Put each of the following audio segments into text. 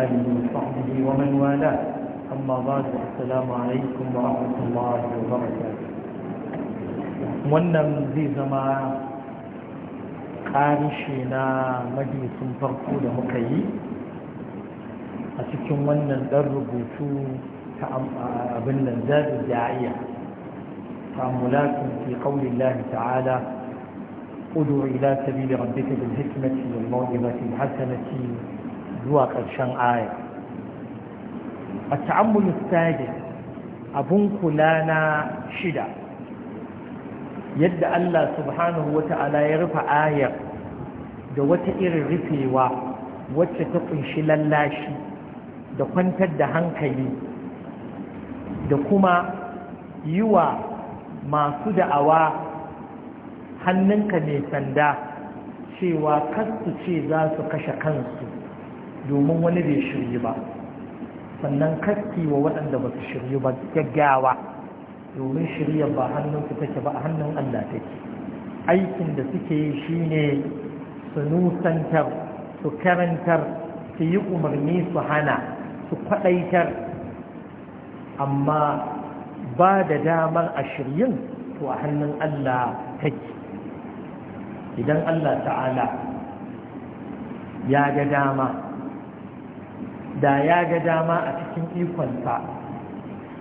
آله وصحبه ومن والاه أما بعد السلام عليكم ورحمة الله وبركاته wannan zai zama ƙarishe na majalisun farko da muka yi a cikin wannan ɗan rubutu ta abin nan zaɓi da'iya ta'amulatun fi ƙaunin lahi ta'ala ƙudu ila sabi da rabbika bil hikmati wal mawdibati al hasanati zuwa ƙarshen aya a ta'ammulu stage abun kula na shida yadda Allah subhanahu wa ta'ala ya rufe ayar da wata irin rufewa wacce ta kunshi lallashi da kwantar da hankali da kuma yi wa masu da'awa hannunka mai sanda cewa kasu ce za su kashe kansu domin wani bai shirye ba sannan kakki wa waɗanda ba su shirye ba gaggawa domin shirya ba hannun su take ba a hannun Allah take aikin da suke yi shine su nusantar su karantar su yi umarni su hana su kwaɗaitar amma ba da damar a shiryin to a hannun Allah take idan Allah ta'ala ya ga dama da ya ga dama a cikin ikonsa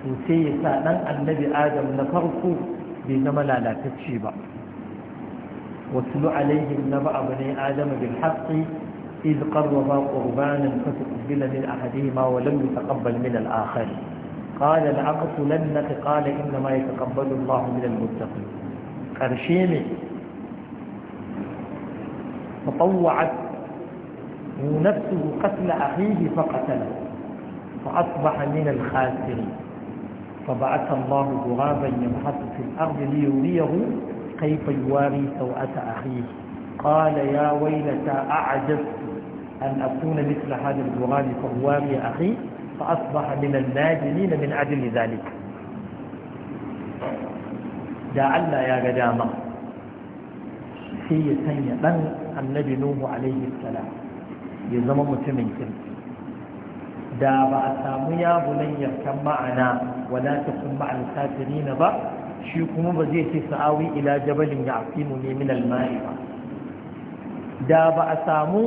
to sai ya sa ɗan annabi adam na farko bai zama lalatacce ba wasu lu'alaihi na ba abu ne adam bin haƙƙi iz qarraba qurbanan fa tuqbila min ahadihima wa lam yataqabbal min al-akhar qala la'aqtulannaka qala inna ma yataqabbalu Allah min al karshe ne فطوعت نفسه قتل أخيه فقتله فأصبح من الخاسرين فبعث الله غرابا يبحث في الأرض ليريه كيف يواري سوءة أخيه قال يا ويلتا أعجبت أن أكون مثل هذا الغراب فأواري أخي فأصبح من الناجلين من أجل ذلك da يا ya ga dama sai ya sanya ɗan annabi ya zama mutumin kirki da ba a samu ya bunayyar kan ma'ana wala ta kun ma'al kafirina ba shi kuma ba zai ce sa'awi ila jabalin ya afimu ne min almai ba da ba a samu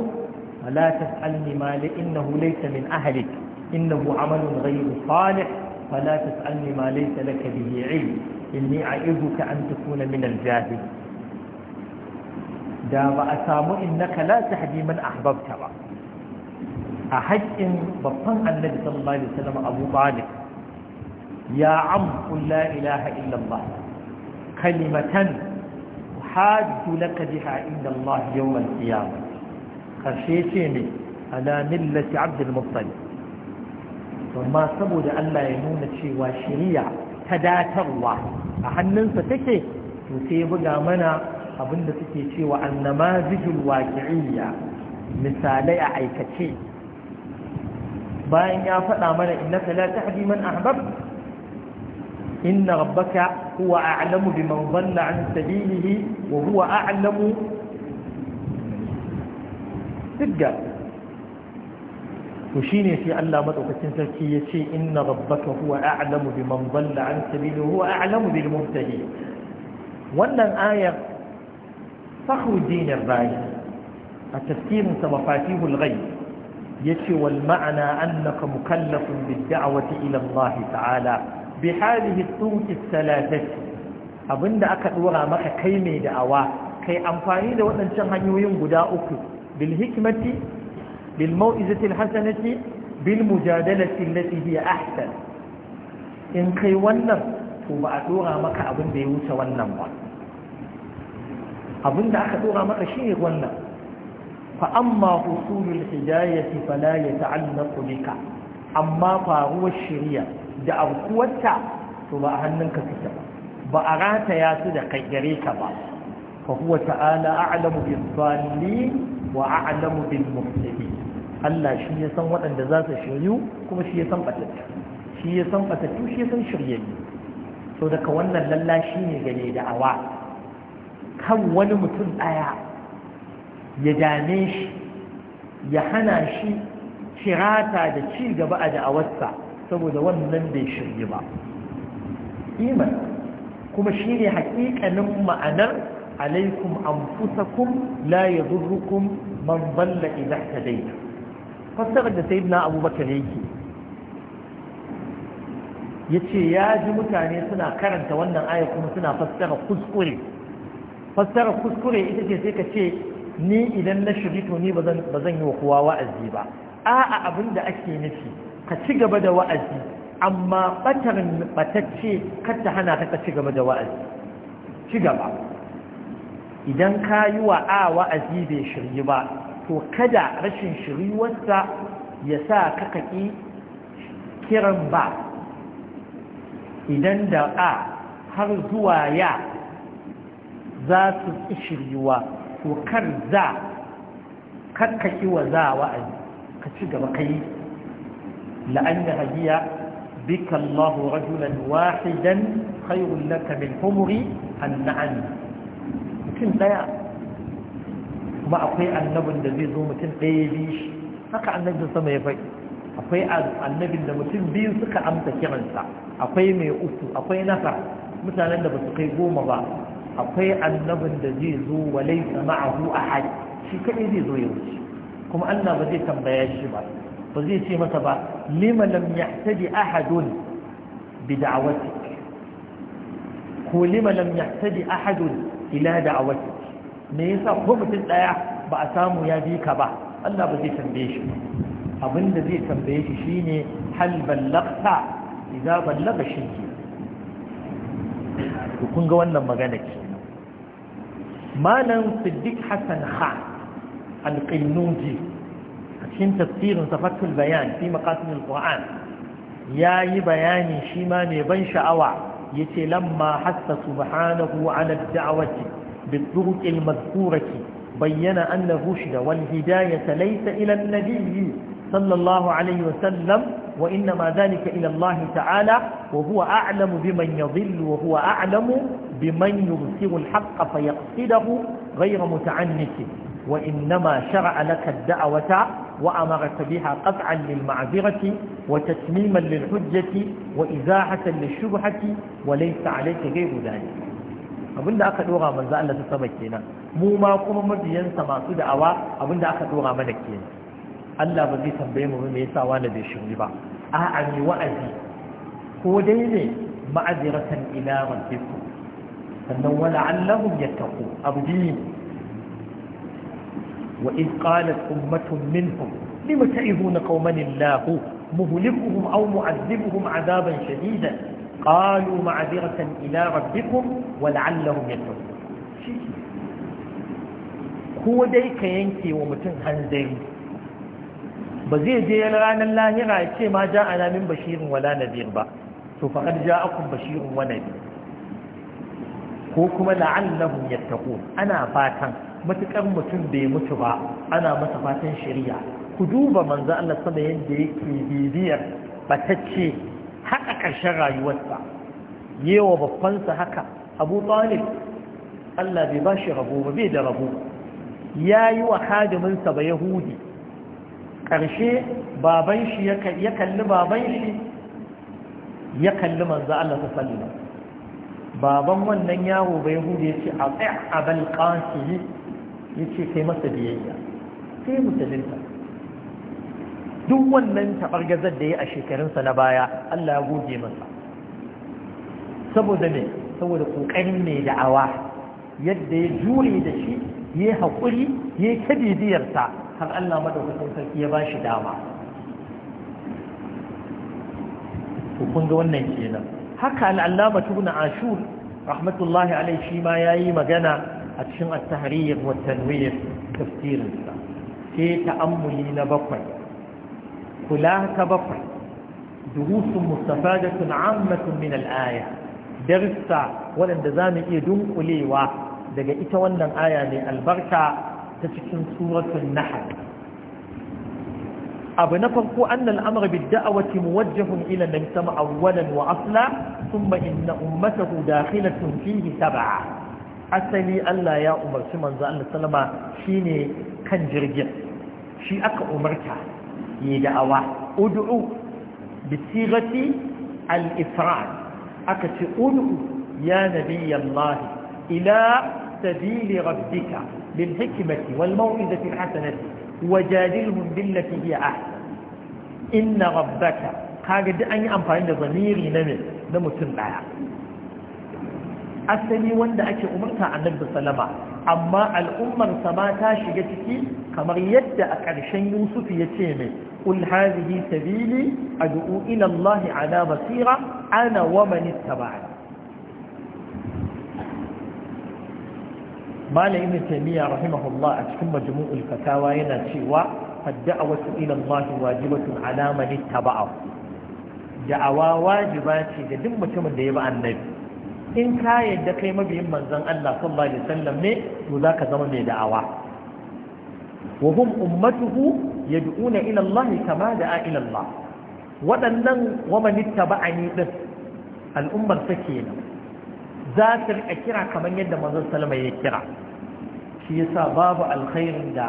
wala ta tsalni mali innahu hulaita min ahlik innahu amalun ghayru salih فلا تسألني ما ليس لك به علم إني أعيذك min تكون da ba a samu إنك لا تهدي من ahbabta ba. a haƙƙin babban annabi sallallahu alaihi wasallam Abu Talib ya am la ilaha illallah kalimatan hajju laka biha inda Allah yawm al-qiyamah karshe ce ne ala millati abd al amma saboda Allah ya nuna cewa shari'a ta datarwa a hannunsa take to sai buga mana abinda suke cewa annamazijul waqi'iyya misalai a aikace bayan ya faɗa mana innaka la tahdi man ahbab inna rabbaka huwa a'lamu biman dhalla an sabilihi wa huwa a'lamu tidda to shine sai Allah madaukakin sarki yace inna rabbaka huwa a'lamu biman dhalla an sabilihi huwa a'lamu bil muhtadin wannan ayar fakhruddin ar-razi a tafsirin sa mafatihul ghaib yace wal ma'ana annaka mukallafun bid da'wati ila Allah ta'ala bi hadhihi turuq thalathati abinda aka dora maka kai mai da'awa kai amfani da waɗancan hanyoyin guda uku bil hikmati bil mau'izati al hasanati bil mujadalati allati hiya ahsan in kai wannan to ba a dora maka abin da ya wuce wannan ba abinda aka dora maka shi ne wannan فأما حصول الحجاية فلا يتعلق بك أما فهو الشريع دع قوتا ثم أهننك كتبا بأرات ياسد قيريك بعض فهو تعالى أعلم بالضالين وأعلم بالمفسدين Allah shi ya san waɗanda za su shiryu kuma shi ya san ɓatattu shi ya san ɓatattu shi ya san shiryayyu so daga wannan lallashi ne gane da awa kan wani mutum ɗaya ya dame shi ya hana shi kirata da ci gaba a da'awarsa saboda wannan bai shirye ba iman kuma shi ne haƙiƙanin ma'anar alaikum anfusakum la yadurrukum man idan idza daina. fassarar da sayyidina abubakar yake yace ya ji mutane suna karanta wannan aya suna fassara kuskure fassara kuskure ita ce sai ka ce ni idan na shiri to ni ba zan yi wa kowa wa'azi ba a'a abin da ake nufi ka ci gaba da wa'azi amma batar batacce kar ta hana ka ci gaba da wa'azi ci gaba idan ka yi wa a wa'azi bai shirye ba to kada rashin shiryuwarsa ya sa ka kaki kiran ba idan da a har zuwa ya za su ƙi shiryuwa to kan za kakkaki wa za wa'azi ka ci gaba kai la'an da hajiya bika Allah rajulan wahidan khairun laka min humri anna'an mutum daya kuma akwai annabin da zai zo mutum daya bi shi haka annabin da sama ya faɗi akwai annabin da mutum biyu suka amsa kiransa akwai mai uku akwai nasar mutanen da ba su kai goma ba akwai annabin da zai zo wa laysa a ahad shi kaɗai zai zo ya wuce kuma Allah ba zai tambaya shi ba ba zai ce masa ba lima lam yahtadi ahadun bi da'awatik ko lima lam yahtadi ahadun ila da'awatik me yasa ko mutum daya ba a samu ya bi ka ba Allah ba zai tambaye shi ba. Abin da zai tambaye shi shine hal ballaqta idza ballaga shi kun ga wannan magana ki? malam siddiq hassan ha alƙinnuji a cikin tafsirin safatul bayan fi makasinin ƙwa'an ya yi bayani shima ma ne ban sha'awa ya ce lamma hasta subhanahu ala da'awati bi turuqil mazkurati bayyana annahu shida wal hidayata laysa ila an-nabiyyi sallallahu alayhi wa sallam وإنما ذلك إلى الله تعالى وهو أعلم بمن يضل وهو أعلم بمن يبصر الحق فيقصده غير متعنت وإنما شرع لك الدعوة وأمرك بها قطعا للمعذرة وتتميما للحجة وإزاحة للشبهة وليس عليك غير ذلك abinda aka dora manzo Allah ta saba kenan mu ma kuma mabiyansa masu da'awa abinda aka dora mana kenan Allah ba zai tambaye mu me yasa wani bai shiri ba a'a ne wa'azi ko dai ne ma'aziratan ila rabbikum sannan wala allahum yattaqu abdi wa id qalat ummatun minhum lima ta'ibuna qauman allah muhlikuhum aw mu'adhibuhum 'adaban shadidan qalu ma'aziratan ila rabbikum wala'allahum yattaqu ko dai ka yanke wa mutum hanzari ba zai je ranar lahira ya ce ma ja a min bashirin wala nadir ba to faƙar ja akun bashirin wa ko kuma ya yattaqun ana fatan matukar mutum bai mutu ba ana masa fatan shari'a ku duba manzo Allah sama yadda yake bibiyar batacce haka ƙarshen rayuwarsa yewa babbansa haka Abu Talib Allah bai bashi rabo ba bai da rabo yayi wa hadiminsa ba Yahudi Karshe baban shi ya kalli baban shi ya kalli manzo Allah ta sallama baban wannan yawo bai hudu ya ce a tsaya a balƙansu ya ce kai masa biyayya sai musulunta duk wannan taɓar taɓargazar da ya a shekarunsa na baya Allah ya goge masa saboda ne saboda ƙoƙarin mai da'awa yadda ya jure da shi ya haƙuri ya yi kabidiyarsa har Allah madaukakin sarki ya shi dama to kun ga wannan kenan haka al-allama ashur rahmatullahi alayhi shi ma yayi magana a cikin at-tahrir wa tanwir tafsirin sa sai ta'ammuli na bakwai kula ta bakwai durusun mustafadatun ammatun min al-aya darsa wanda zamu iya dunkulewa daga ita wannan aya ne albarka ta cikin suratun nahal abu na farko annal amr bid da'awati muwajjahun ila nabi sama awwalan wa asla thumma inna ummatahu dakhilatun fihi sab'a asali Allah ya umarci manzo Allah sallama shine kan jirgin shi aka umarta yi da'awa ud'u bi sighati al-ifrad aka ce udu'u ya Yallahi ila سبيل ربك بالحكمة والموعظة الحسنة وجادلهم بالتي هي أحسن إن ربك kaga duk an yi amfani da zamiri na mutum daya asali wanda ake umarta annabi sallama amma al'ummar sama ta shiga ciki kamar yadda a ƙarshen Yusuf ya ce mai qul hadhihi sabili ad'u ila ala basira ana wa man ittaba'ani malam ibn taymiya rahimahullah a cikin majmu'ul fatawa yana cewa ad wasu ila Allah wajibatun ala man ittaba'ahu da'awa wajiba ce ga duk mutumin da ya bi annabi in ka yadda kai mabiyin manzon Allah sallallahu alaihi wasallam ne to zaka zama mai da'awa wa hum ummatuhu yad'una ila Allah kama da'a ila Allah waɗannan wa man ittaba'ani din al'ummar ta kenan za su rika kira kamar yadda mazan salama ya kira shi yasa babu alkhairin da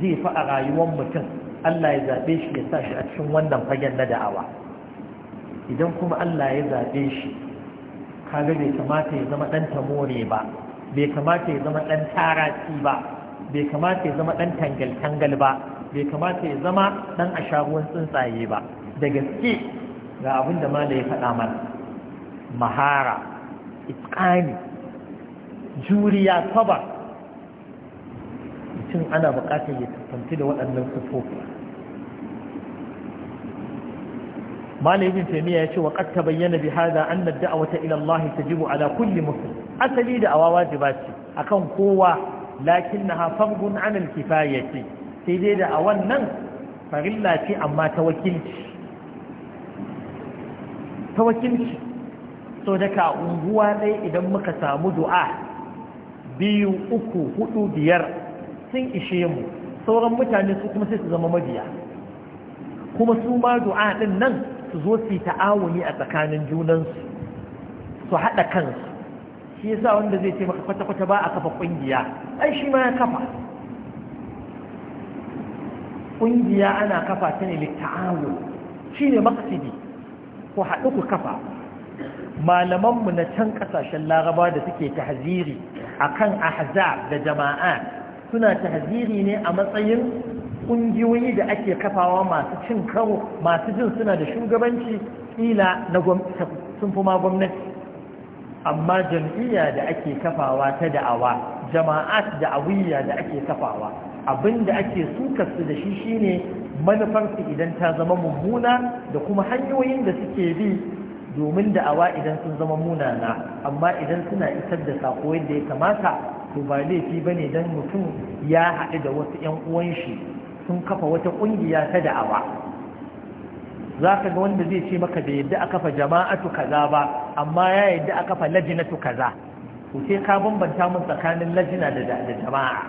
zai fi a rayuwar mutum Allah ya zaɓe shi ya sa shi a cikin wannan fagen na da'awa idan kuma Allah ya zaɓe shi kaga bai kamata ya zama ɗan tamore ba bai kamata ya zama ɗan taraci ba bai kamata ya zama ɗan tangal-tangal ba bai kamata ya zama ɗan asharuwan tsuntsaye ba da gaske ga abin da mala ya faɗa mana mahara itqani juriya sabar mutum ana buƙatar ya tafanci da waɗannan sufofi malai ibn ya ce wa qad bayyana bi an anna a wata ila Allah tajibu ala kulli muslim asali da awawa ce akan kowa lakinnaha anan 'ala ya kifayati sai dai da awan nan farilla ce amma ta wakilci ta wakilci so daga unguwa dai idan muka samu du'a biyu uku hudu biyar sun ishe mu sauran mutane su kuma sai su zama mabiya kuma su ma du'a din nan su zo su yi ta'awuni a tsakanin junansu su haɗa kansu shi yasa wanda zai ce maka kwata-kwata ba a kafa ƙungiya ai shi ma ya kafa ƙungiya ana kafa ta ne litta'awu shi ne maksidi ku haɗu ku kafa malamanmu na can kasashen laraba da suke tahziri kan ahzab da jama'a suna tahziri ne a matsayin ƙungiyoyi da ake kafawa masu cin karo masu jin suna da shugabanci ƙila na sun gwamnati amma jam'iyya da ake kafawa ta da'awa jama'at da da'awiyya da ake kafawa abinda ake sukarsu da shi shine manufarsu idan ta zama mummuna da kuma hanyoyin da suke bi domin da'awa idan sun zama munana amma idan suna isar da sako yadda ya kamata to ba laifi ba ne don mutum ya haɗu da wasu 'yan uwan shi sun kafa wata ƙungiya ta da'awa za ka ga wanda zai ce maka da yadda a kafa jama'atu kaza ba amma ya yadda a kafa lajinatu kaza Ku sai ka bambanta mun tsakanin lajina da jama'a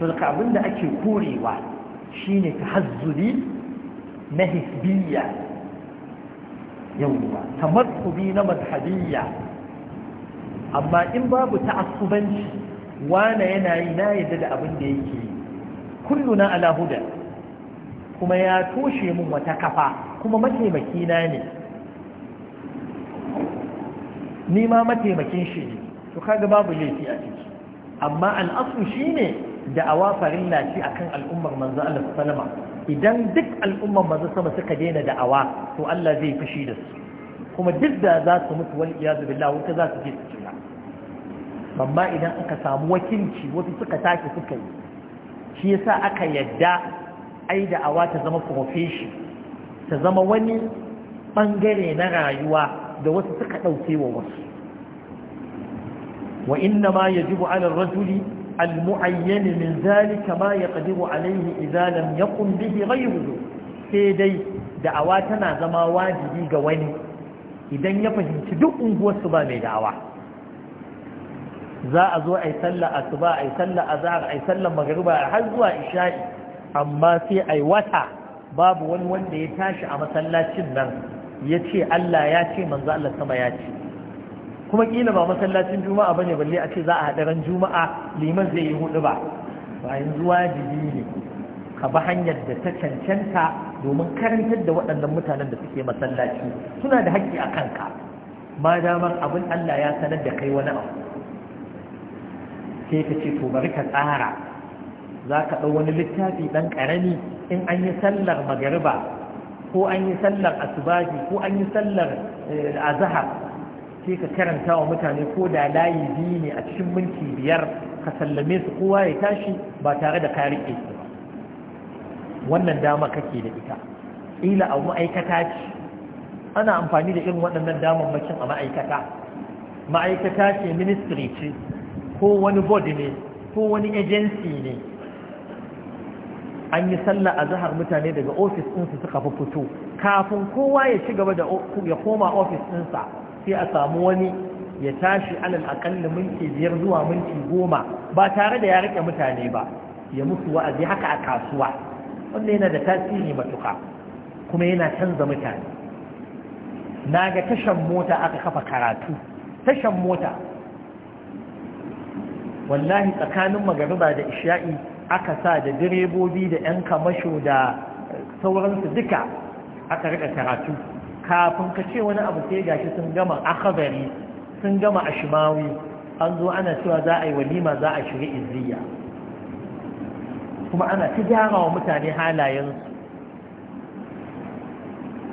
sulka abin da ake korewa shine hazzuri na hisbiya yawwa tamattubi na mazhabiyya amma in babu ta'assubanci wane yana yi na yadda da abin da yake yi na ala kuma ya toshe mun wata kafa kuma mataimaki na ne ni ma mataimakin shi ne to kaga babu laifi a ciki amma al'asu ne. da'awa farilla a akan al'ummar manzo Allah Salama, idan duk al'ummar manzo sama suka daina da'awa to Allah zai fushi da su kuma duk da za su mutu wal iyadu billah wuta za su je su jira amma idan aka samu wakilci wasu suka tashi suka yi shi yasa aka yadda ai da'awa ta zama profession ta zama wani bangare na rayuwa da wasu suka ɗauke wa wasu wa inna ma yajibu ala rajuli kama ya من ذلك ما ya عليه إذا لم يقم به غيره tana zama زما ga wani, idan ya fahimci duk unguwarsu ba mai da'awa za a zo ai yi asuba, ai tuba a yi sallah a magariba har zuwa isha'i amma sai a wata babu wani wanda ya tashi a masallacin nan ya ce Allah ya ce manzo Allah sama ya ce kuma kila ba masallacin juma'a bane balle a ce za a haɗa ran juma'a liman zai yi hudu ba ba zuwa jibi ne ka bi hanyar da ta cancanta domin karantar da waɗannan mutanen da suke masallaci suna da haƙƙi a kanka ma damar abin Allah ya sanar da kai wani abu sai ka ce to bari ka tsara za ka ɗau wani littafi ɗan ƙarami in an yi sallar magariba ko an yi sallar asubahi ko an yi sallar eh, azahar sai ka karanta wa mutane ko da layi biyu ne a cikin minti biyar ka sallame su kowa ya tashi ba tare da ka riƙe su wannan dama kake da ita ila a ma'aikata ce ana amfani da irin waɗannan damammakin a ma'aikata ma'aikata ce ministry ce ko wani body ne ko wani agency ne an yi sallah a zahar mutane daga ofis ɗinsu suka fi fito kafin kowa ya ci gaba da ya koma ofis ɗinsa sai a samu wani ya tashi alal aƙalla minti biyar zuwa minti goma ba tare da ya rike mutane ba ya musu wa'azi haka a kasuwa wanda yana da tasiri matuƙa kuma yana canza mutane na ga tashan mota aka kafa karatu tashan mota wallahi tsakanin magariba da isha'i aka sa da direbobi da 'yan kamasho da sauransu duka aka rika karatu kafin ka ce wani abu sai gashi sun gama akhabari sun gama ashmawi an zo ana cewa za a yi walima za a shiga izziya kuma ana ta gyara wa mutane halayensu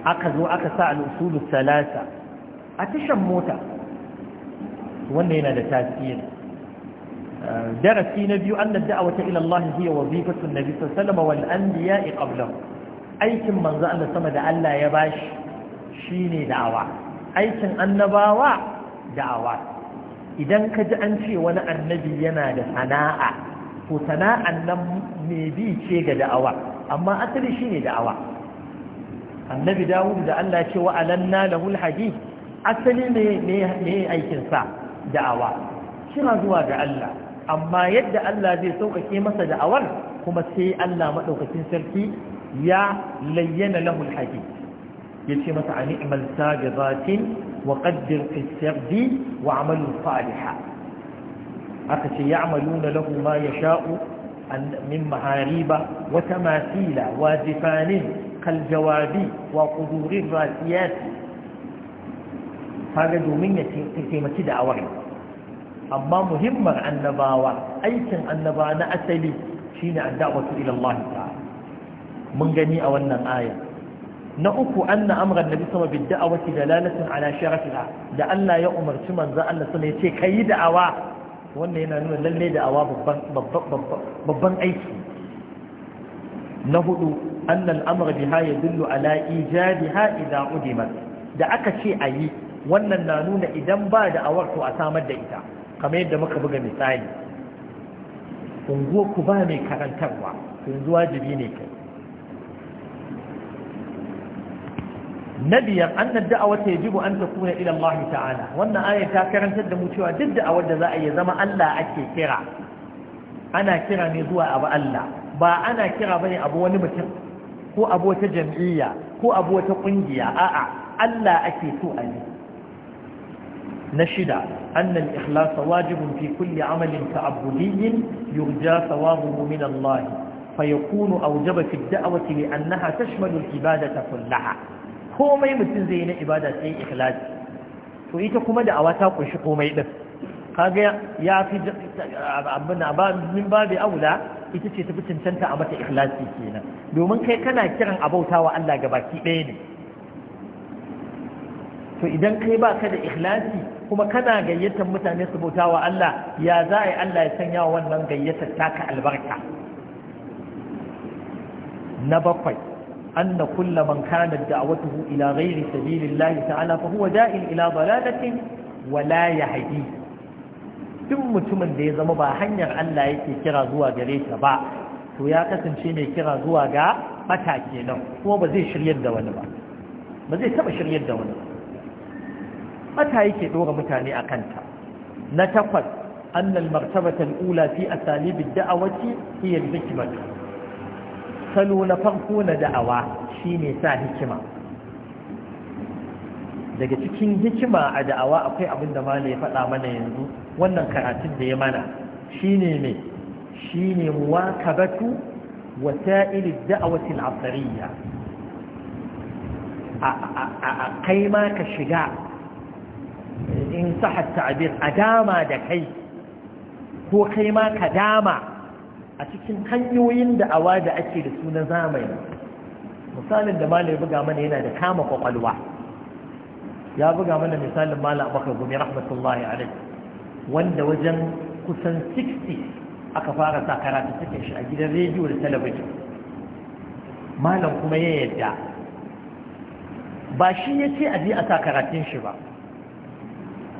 aka zo aka sa al'usulu salasa a tashan mota wanda yana da tasiri darasi na biyu an nadda a wata ilallahi hiya wazifatun nabi sallama wal anbiya'i qablahu aikin manzo Allah sama da Allah ya bashi shine da'awa aikin annabawa da'awa idan ka ji an ce wani annabi yana da sana'a ko sana'an nan me bi ce ga da'awa amma asali shine da'awa annabi dawud da Allah ce wa alanna lahul asali ne ne aikin sa da'awa kira zuwa ga Allah amma yadda Allah zai sauƙaƙe masa da'awar kuma sai Allah maɗaukakin sarki ya layyana lahul hadith yace masa a ni'mal sabiqatin wa qaddir fi sabdi wa amalu salihah aka ce ya'maluna lahu ma yasha'u min mahariba wa tamathila wa jifanin kal jawabi wa qudurir rasiyat kaga domin ya taimaki da awar amma muhimmar annabawa aikin annaba na asali shine addu'a ila Allah ta'ala mun gani a wannan aya na uku anna na nabi sama bid da dalalatan ala sharafiha da Allah ya umarci manzo Allah sama ka kai da'awa wannan yana nuna lallai da'awa babban aiki na hudu anna al-amr biha yadullu ala ijadiha idha udimat da aka ce ayi wannan na nuna idan ba da'awar to a samar da ita kamar yadda muka buga misali unguwa ku ba mai karantarwa yanzu wajibi ne kai na biyar annar da'awar ta yajibu an ta kuna ilan mahi ta'ala wannan ayar ta karantar da mu cewa duk da'awar da za a zama Allah ake kira ana kira ne zuwa abu Allah ba ana kira bane abu wani mutum ko abu jam'iyya ko abu wata a'a Allah ake so ne na shida annal ikhlas wajibin fi kulli amalin ta'abbudiyyin yurja thawabuhu min Allah fa yakunu awjaba fi da'wati li annaha tashmalu al-ibadata kullaha komai mutum zai yi na ibada sai ikhlasi to ita kuma da awa ta kunshi komai din kaga ya fi abin ba min babu aula ita ce ta cancanta a mata ikhlasi kenan domin kai kana kiran abauta wa Allah baki ɗaya ne to idan kai ba ka da ikhlasi kuma kana gayyatar mutane su bauta wa Allah ya za a yi Allah ya sanya wa wannan gayyatar taka albarka na bakwai أن كل من كانت دعوته إلى غير سبيل الله تعالى فهو داء إلى ضلالة ولا يهدي duk mutumin da ya zama ba hanyar Allah yake kira zuwa gare ta ba to ya kasance mai kira zuwa ga mata kenan kuma ba zai shiryar da wani ba ba zai taba shiryar da wani ba yake dora mutane a kanta na takwas annal martabatan ula fi asalibid da'awati hiya al-hikmah salo na farko na da'awa shine sa hikima daga cikin hikima a da'awa akwai abin da malai ya faɗa mana yanzu wannan karatun da ya mana shine mai shine muwakabatu wasa'il da'awati al-asriyya a kai ma ka shiga in sahat ta'bir a dama da kai ko kai ma ka dama a cikin hanyoyin da'awa da ake da su na zamani misalin da Malam ya buga mana yana da kama kwakwalwa ya buga mana misalin malam abakar gumi rahmatullahi alai wanda wajen kusan 60 aka fara sa karatu cikin shi a gidan rediyo da talabijin malam kuma ya yadda ba shi ya ce a je a sa karatun shi ba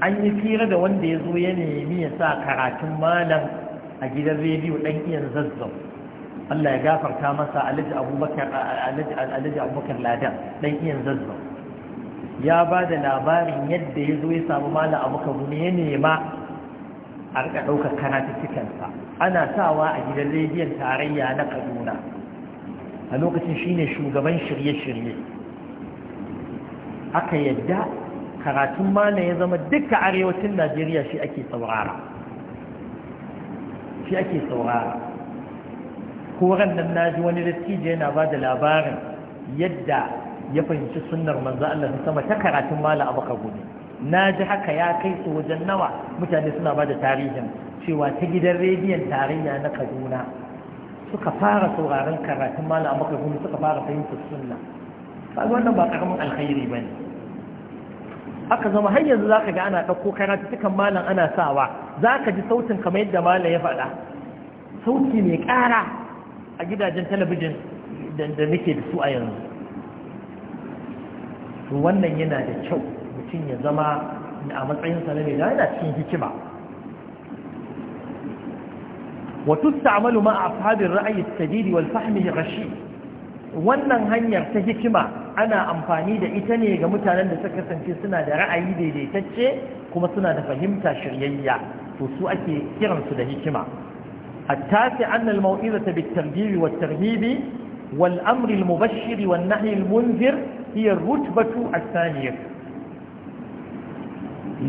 an yi fira da wanda ya zo ya nemi ya sa karatun malam a gidan rediyo ɗan iyan zazzau Allah ya gafarta masa alhaji abubakar alhaji abubakar ladan ɗan iyan zazzau ya ba da labarin yadda ya zo ya samu malam abubakar ne ya nema a rika ɗaukar karatuttukansa ana sawa a gidan rediyon tarayya na kaduna a lokacin shine shugaban shirye-shirye aka yadda karatun malam ya zama duka arewacin najeriya shi ake saurara shi ake saurara ko nan na ji wani dattijo yana ba da labarin yadda ya fahimci sunnar manzo Allah ta sama ta karatun mala abu gudu na ji haka ya kai su wajen nawa mutane suna ba da tarihin cewa ta gidan rediyon tarayya na kaduna suka fara sauraron karatun mala abu gudu suka fara fahimci sunna kaga wannan ba karamin alkhairi ne. aka zama har yanzu zaka ga ana ɗauko karatuttukan malam ana sawa zaka ji sautin kamar yadda malam ya faɗa sauti mai ƙara a gidajen talabijin da muke da su a yanzu to wannan yana da kyau mutum ya zama a matsayin na mai yana cikin hikima وتستعمل مع أصحاب الرأي السديد والفهم الرشيد wannan hanyar ta hikima ana amfani da ita ne ga mutanen da suka kasance suna da ra'ayi daidaitacce kuma suna da fahimta shiryayya to su ake kiransu da hikima hatta fi annal mau'iza ta bitarbiri wa tarhibi wal amri mubashiri wa nahi munzir hiya rutbatu asaniyar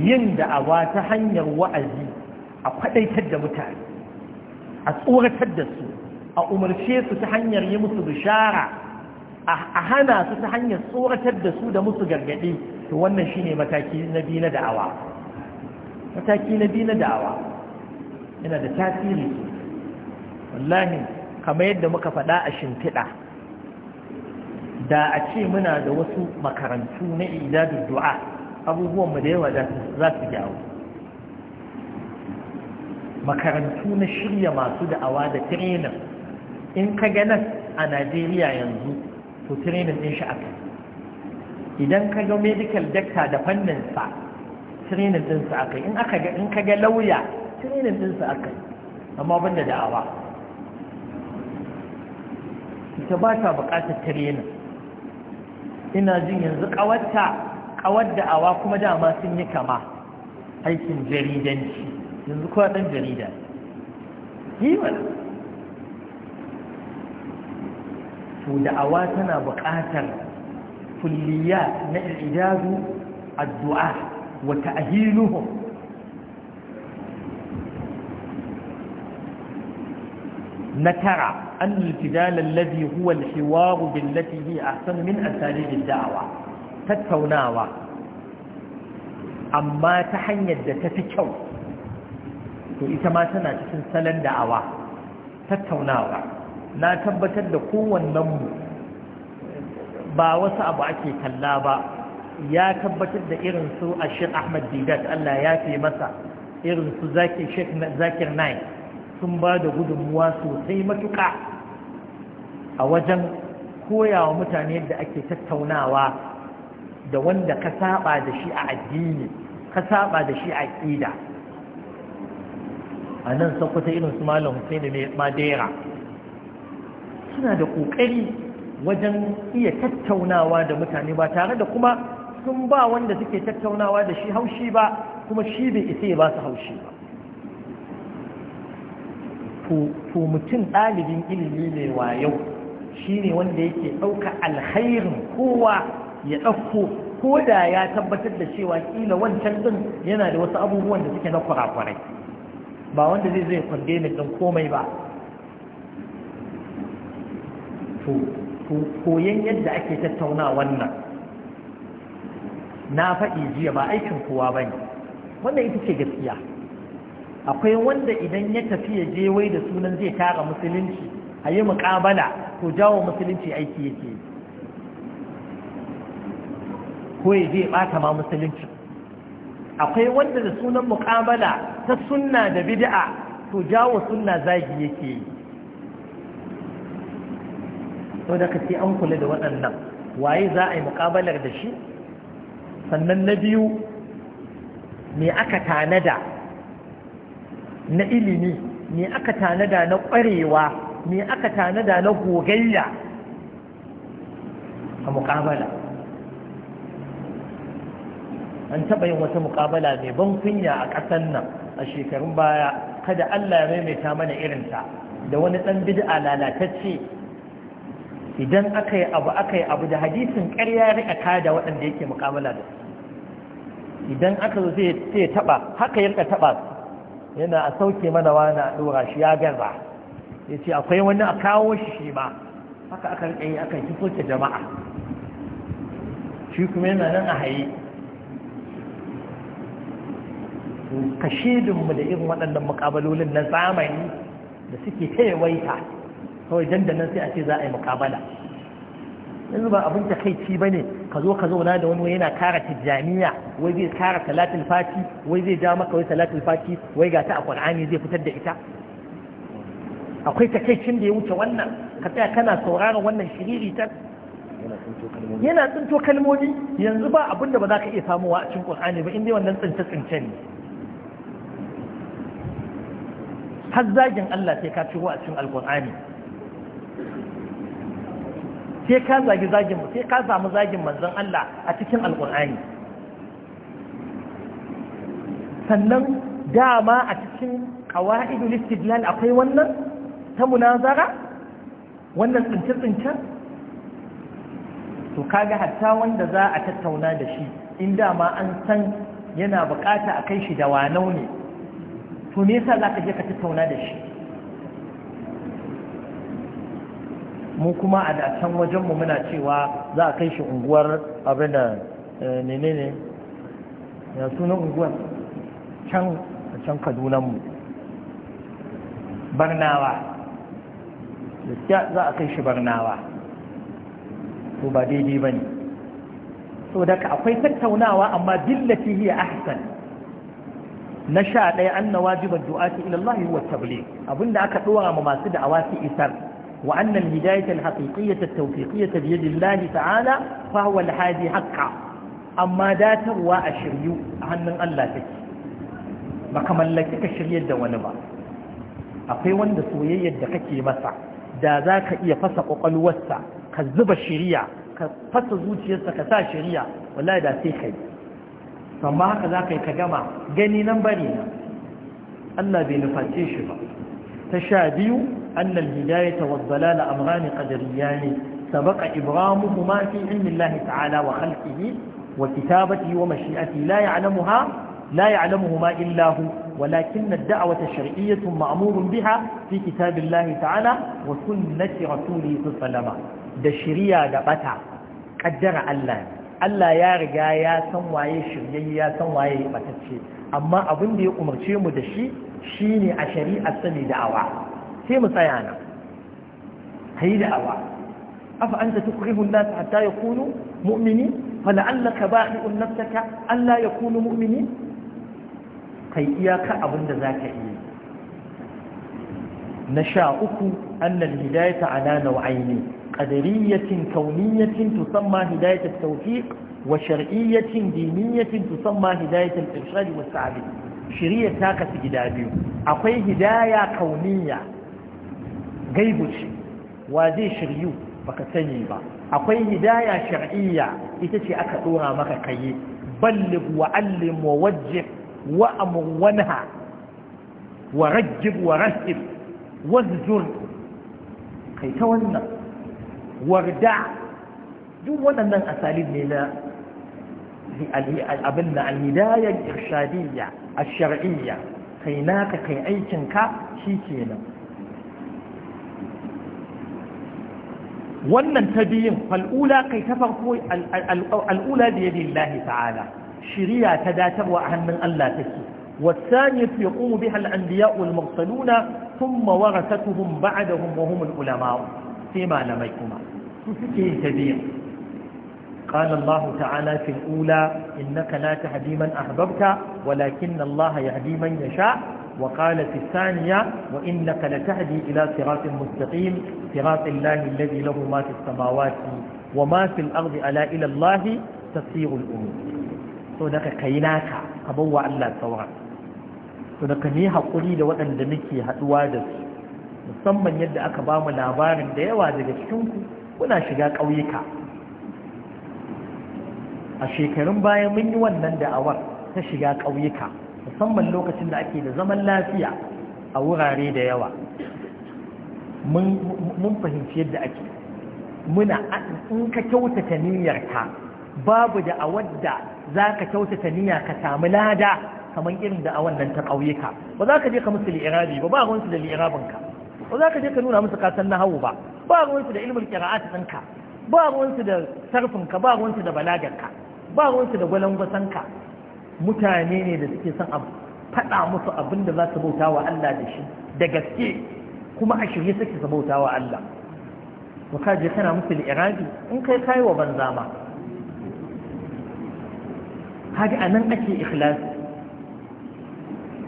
yin da awa ta hanyar wa'azi a kwadaitar da mutane a tsoratar da su a umarce su ta hanyar yi musu bishara a hana su ta hanyar tsoratar da su da musu gargaɗi to wannan shine mataki na biyu na da'awa mataki na biyu na da'awa yana da tasiri wallahi kamar yadda muka faɗa a shimfiɗa da a ce muna da wasu makarantu na idadin du'a abubuwan da yawa za su gyaru makarantu na shirya masu da'awa da trainer in ka ganas a najeriya yanzu to training din shi aka idan ka ga medical doctor da fannin sa training din su aka in aka ga in ka ga lauya training din su aka amma banda da'awa ita ba ta buƙatar training ina jin yanzu kawarta kawar da'awa kuma dama sun yi kama aikin jaridanci yanzu kowa ɗan jarida yi mana to da'awa tana buƙatar kulliya na ijazu addu'a wa ta'hiluhum na tara an al-jidal alladhi huwa al billati hi ahsan min asalib ad-da'wa tattaunawa amma ta hanyar da ta fi kyau to ita ma tana cikin salon da'awa tattaunawa na tabbatar da mu ba wasu abu ake kalla ba ya tabbatar da irin su ashir ahmad didat allah ya fi masa irin su zakir nai sun ba da gudunmuwa sosai matuka a wajen koyawa mutane yadda ake tattaunawa da wanda ka saba da shi a addini ka saba da shi a ƙida a nan sakwata irin su malam hussein madera suna da ƙoƙari wajen iya tattaunawa da mutane ba tare da kuma sun ba wanda suke tattaunawa da shi haushi ba kuma shi bai isa ya ba su haushi ba to mutum ɗalibin ilimi ne wa yau shi ne wanda yake ɗauka alhairin kowa ya ɗauko ko da ya tabbatar da cewa ƙila wancan ɗin yana da wasu abubuwan da suke na kwarakwarai ba wanda zai zai kwande ne ɗin komai ba to koyon yadda ake tattauna wannan na faɗi jiya ba aikin kowa ba ne wannan ita ce gaskiya akwai wanda idan ya tafi ya je wai da sunan zai tara musulunci a yi muƙabala to jawo musulunci aiki yake ko ya je ɓata ma musulunci akwai wanda da sunan muƙabala ta sunna da bid'a to jawo sunna zagi yake yi sau da ka an kula da waɗannan waye za a yi muƙabalar da shi sannan na biyu me aka tanada na ilimi me aka tanada na ƙwarewa me aka tanada na gogayya a muƙabala an taɓa yin wata muƙabala mai ban kunya a ƙasan nan a shekarun baya kada Allah ya maimaita mana irinta da wani ɗan bid'a lalatacce idan aka yi abu aka yi abu da hadisin ƙarya rika da waɗanda yake mukamala da su idan aka zo sai ya taɓa haka yanka taɓa yana a sauke mana wani a ɗora shi ya gaza ya ce akwai wani a kawo shi shi ma haka aka rika yi aka yi soke jama'a shi kuma yana nan a haye ka shaidinmu da irin waɗannan mukabalolin na zamani da suke ta kawai jan da nan sai a ce za a yi mukabala yanzu ba abin takaici ba ne ka zo ka zauna da wani yana kara tijjaniya wai zai kara talatin fati wai zai ja maka wai salatul fati wai ga ta a qur'ani zai fitar da ita akwai takaicin da ya wuce wannan ka tsaya kana sauraron wannan shiriri ta yana tsinto kalmomi yanzu ba abin da ba za ka iya samuwa a cikin qur'ani ba inda wannan tsince tsince ne har zagin Allah sai ka ciro a cikin alqur'ani sai ka zagi zagin sai ka samu zagin manzon Allah a cikin alkur'ani sannan dama a cikin qawaidul istidlal akwai wannan ta munazara wannan tsince tsince to kaga hatta wanda za a tattauna da shi in dama an san yana bukata a kai shi da wanau ne to me yasa zaka je ka tattauna da shi mu kuma a can wajenmu muna cewa za a kai shi unguwar abin da eh, nene ne ya sunan unguwar can a can kadunanmu barnawa gaskiya za a kai shi barnawa to ba daidai ba ne so daga akwai tattaunawa amma billati hiya ahsan na sha ɗaya an na wajibar du'ati ila Allah huwa tabligh abinda aka ɗora ma masu da'awa su isar وأن الهداية الحقيقية التوفيقية بيد الله تعالى فهو الهادي حقا أما ذات a عن الله تكي ba ka mallaki ka shiryar da wani ba akwai wanda soyayyar da kake masa da za ka iya fasa ƙwaƙwalwarsa ka zuba shiriya ka fasa zuciyarsa ka sa shiriya wallahi da sai kai amma haka za ka yi ka gama gani nan bari na Allah bai nuface shi ba ta sha biyu أن الهداية والضلال أمران قدريان سبق إبرامهما في علم الله تعالى وخلقه وكتابته ومشيئته لا يعلمها لا يعلمهما إلا هو ولكن الدعوة الشرعية مأمور بها في كتاب الله تعالى وسنة رسوله صلى الله عليه وسلم ده شريعة ده بتع قدر الله Allah ya riga ya san waye shiryayye ya san waye batacce amma abin da ya umarce mu da shi shine a shari'ar sani da'awa sai mu tsaya nan kai da'awa afa anta tukrihu an-nas hatta yakunu mu'mini fala'allaka ba'i'un nafsaka alla yakunu mu'mini kai iyaka abinda zaka yi na sha uku annal hidayata ala nau'aini qadariyatin kauniyatin tusamma hidayat at-tawfiq wa shar'iyyatin diniyatin tusamma hidayat al-irshad wa sa'd shari'a ta kasu gida biyu akwai hidaya kauniya gaibu ce wa zai shiryu baka sani ba akwai hidaya shar'iyya ita ce aka dora maka kayi balligh wa allim wa wajjih wa amur wanha wa rajjib wa rahib wazjur kai ta wannan warda duk waɗannan asalin ne na abin na alhidayar irshadiyya a shar'iyya kai naka kai aikinka shi kenan wannan ta biyun fal’ula kai ta farko al’ula da ya yadda Allahi ta’ala shirya ta datarwa a hannun Allah take wasanye su ya ƙunmu bi hal’andiya ulmarsaluna sun mawara ta tuhun ba a da hummahumul ulama’u sai malamai kuma su suke yi ta biyun قال الله تعالى في الأولى إنك لا ahbabta من أحببت ولكن الله يهدي من يشاء وقال في الثانية وإنك لتهدي إلى صراط مستقيم صراط الله الذي له ما في السماوات وما في الأرض ألا إلى الله تسير الأمور صدق كيناك أبو الله سورا صدق نيها قولي لو أن دمكي هتوادس musamman yadda aka ba mu labarin da yawa daga cikinku kuna shiga ƙauyuka a shekarun baya mun yi wannan da'awar ta shiga ƙauyuka musamman lokacin da ake da zaman lafiya a wurare da yawa mun fahimci yadda ake muna in ka kyautata niyyarka babu da awadda za ka kyautata niyya ka samu lada kamar irin da awan nan ta ƙauyuka ba za ka je ka musu li'irabi ba ba ruwansu da li'irabinka ba za ka je ka nuna musu kasan na hawu ba ba ruwansu da ilmul ƙira'at ɗinka ba ruwansu da sarfinka ba ruwansu da balagarka ba ruwansu da gwalangwasanka mutane ne da suke son faɗa musu abin da za su bauta wa Allah da shi da gaske kuma a shirye suke su bauta wa Allah to ka je kana musu li'irabi in kai kai wa banza ma haka anan ake ikhlas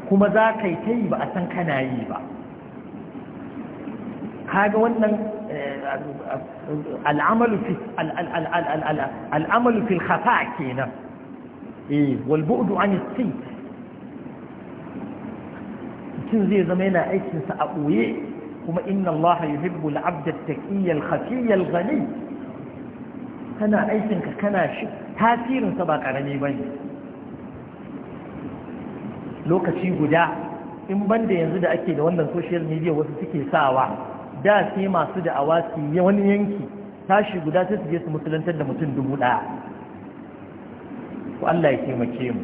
kuma za ka yi ta yi ba a san kana yi ba kaga wannan al'amalu fil khafa kenan eh wal bu'du mutum zai zama yana aikinsa a boye kuma inna Allah yuhibbu al-'abda at-taqiyya gani kana aikinka kana shi tasirin sa ba karami bane lokaci guda in banda yanzu da ake da wannan social media wasu suke sawa da sai masu da'awa su yi wani yanki tashi guda sai su je su musulantar da mutum dubu ɗaya to Allah ya taimake mu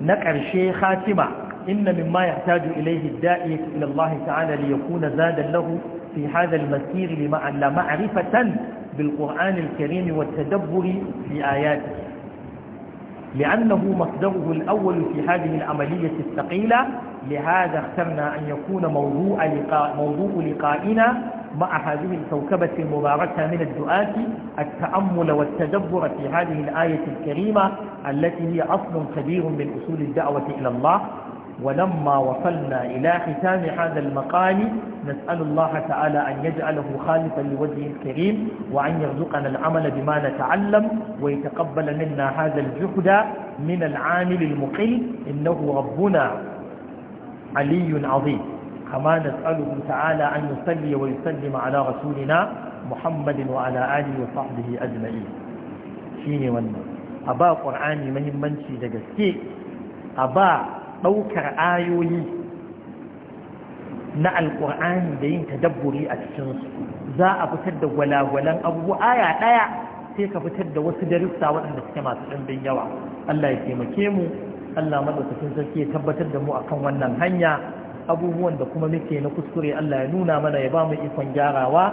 na ƙarshe khatima inna mimma yahtaju ilayhi ad-da'i ila Allah ta'ala li yakuna zadan lahu fi hadha al-masir li ma'alla ma'rifatan bil Qur'an al-Karim بالقرآن الكريم والتدبر في آياته لأنه مصدره الأول في هذه العملية الثقيلة لهذا اخترنا أن يكون موضوع, لقاء موضوع لقائنا مع هذه الكوكبة المباركة من الدعاة التأمل والتدبر في هذه الآية الكريمة التي هي أصل كبير من أصول الدعوة إلى الله ولما وصلنا إلى ختام هذا المقال نسأل الله تعالى أن يجعله خالصا لوجهه الكريم وأن يرزقنا العمل بما نتعلم ويتقبل منا هذا الجهد من العامل المقل إنه ربنا علي عظيم كما نسأله تعالى أن يصلي ويسلم على رسولنا محمد وعلى آله وصحبه أجمعين شيني وانا أبا قرآني مهم منشي دقسكي أبا ɗaukar ayoyi na alƙur'ani da yin tadabburi a cikinsu za a fitar da gwalagwalan abubuwa aya ɗaya sai ka fitar da wasu darussa waɗanda suke masu ɗimbin yawa Allah ya taimake mu Allah maɗaukakin sarki ya tabbatar da mu akan wannan hanya abubuwan da kuma muke na kuskure Allah ya nuna mana ya ba mu ikon gyarawa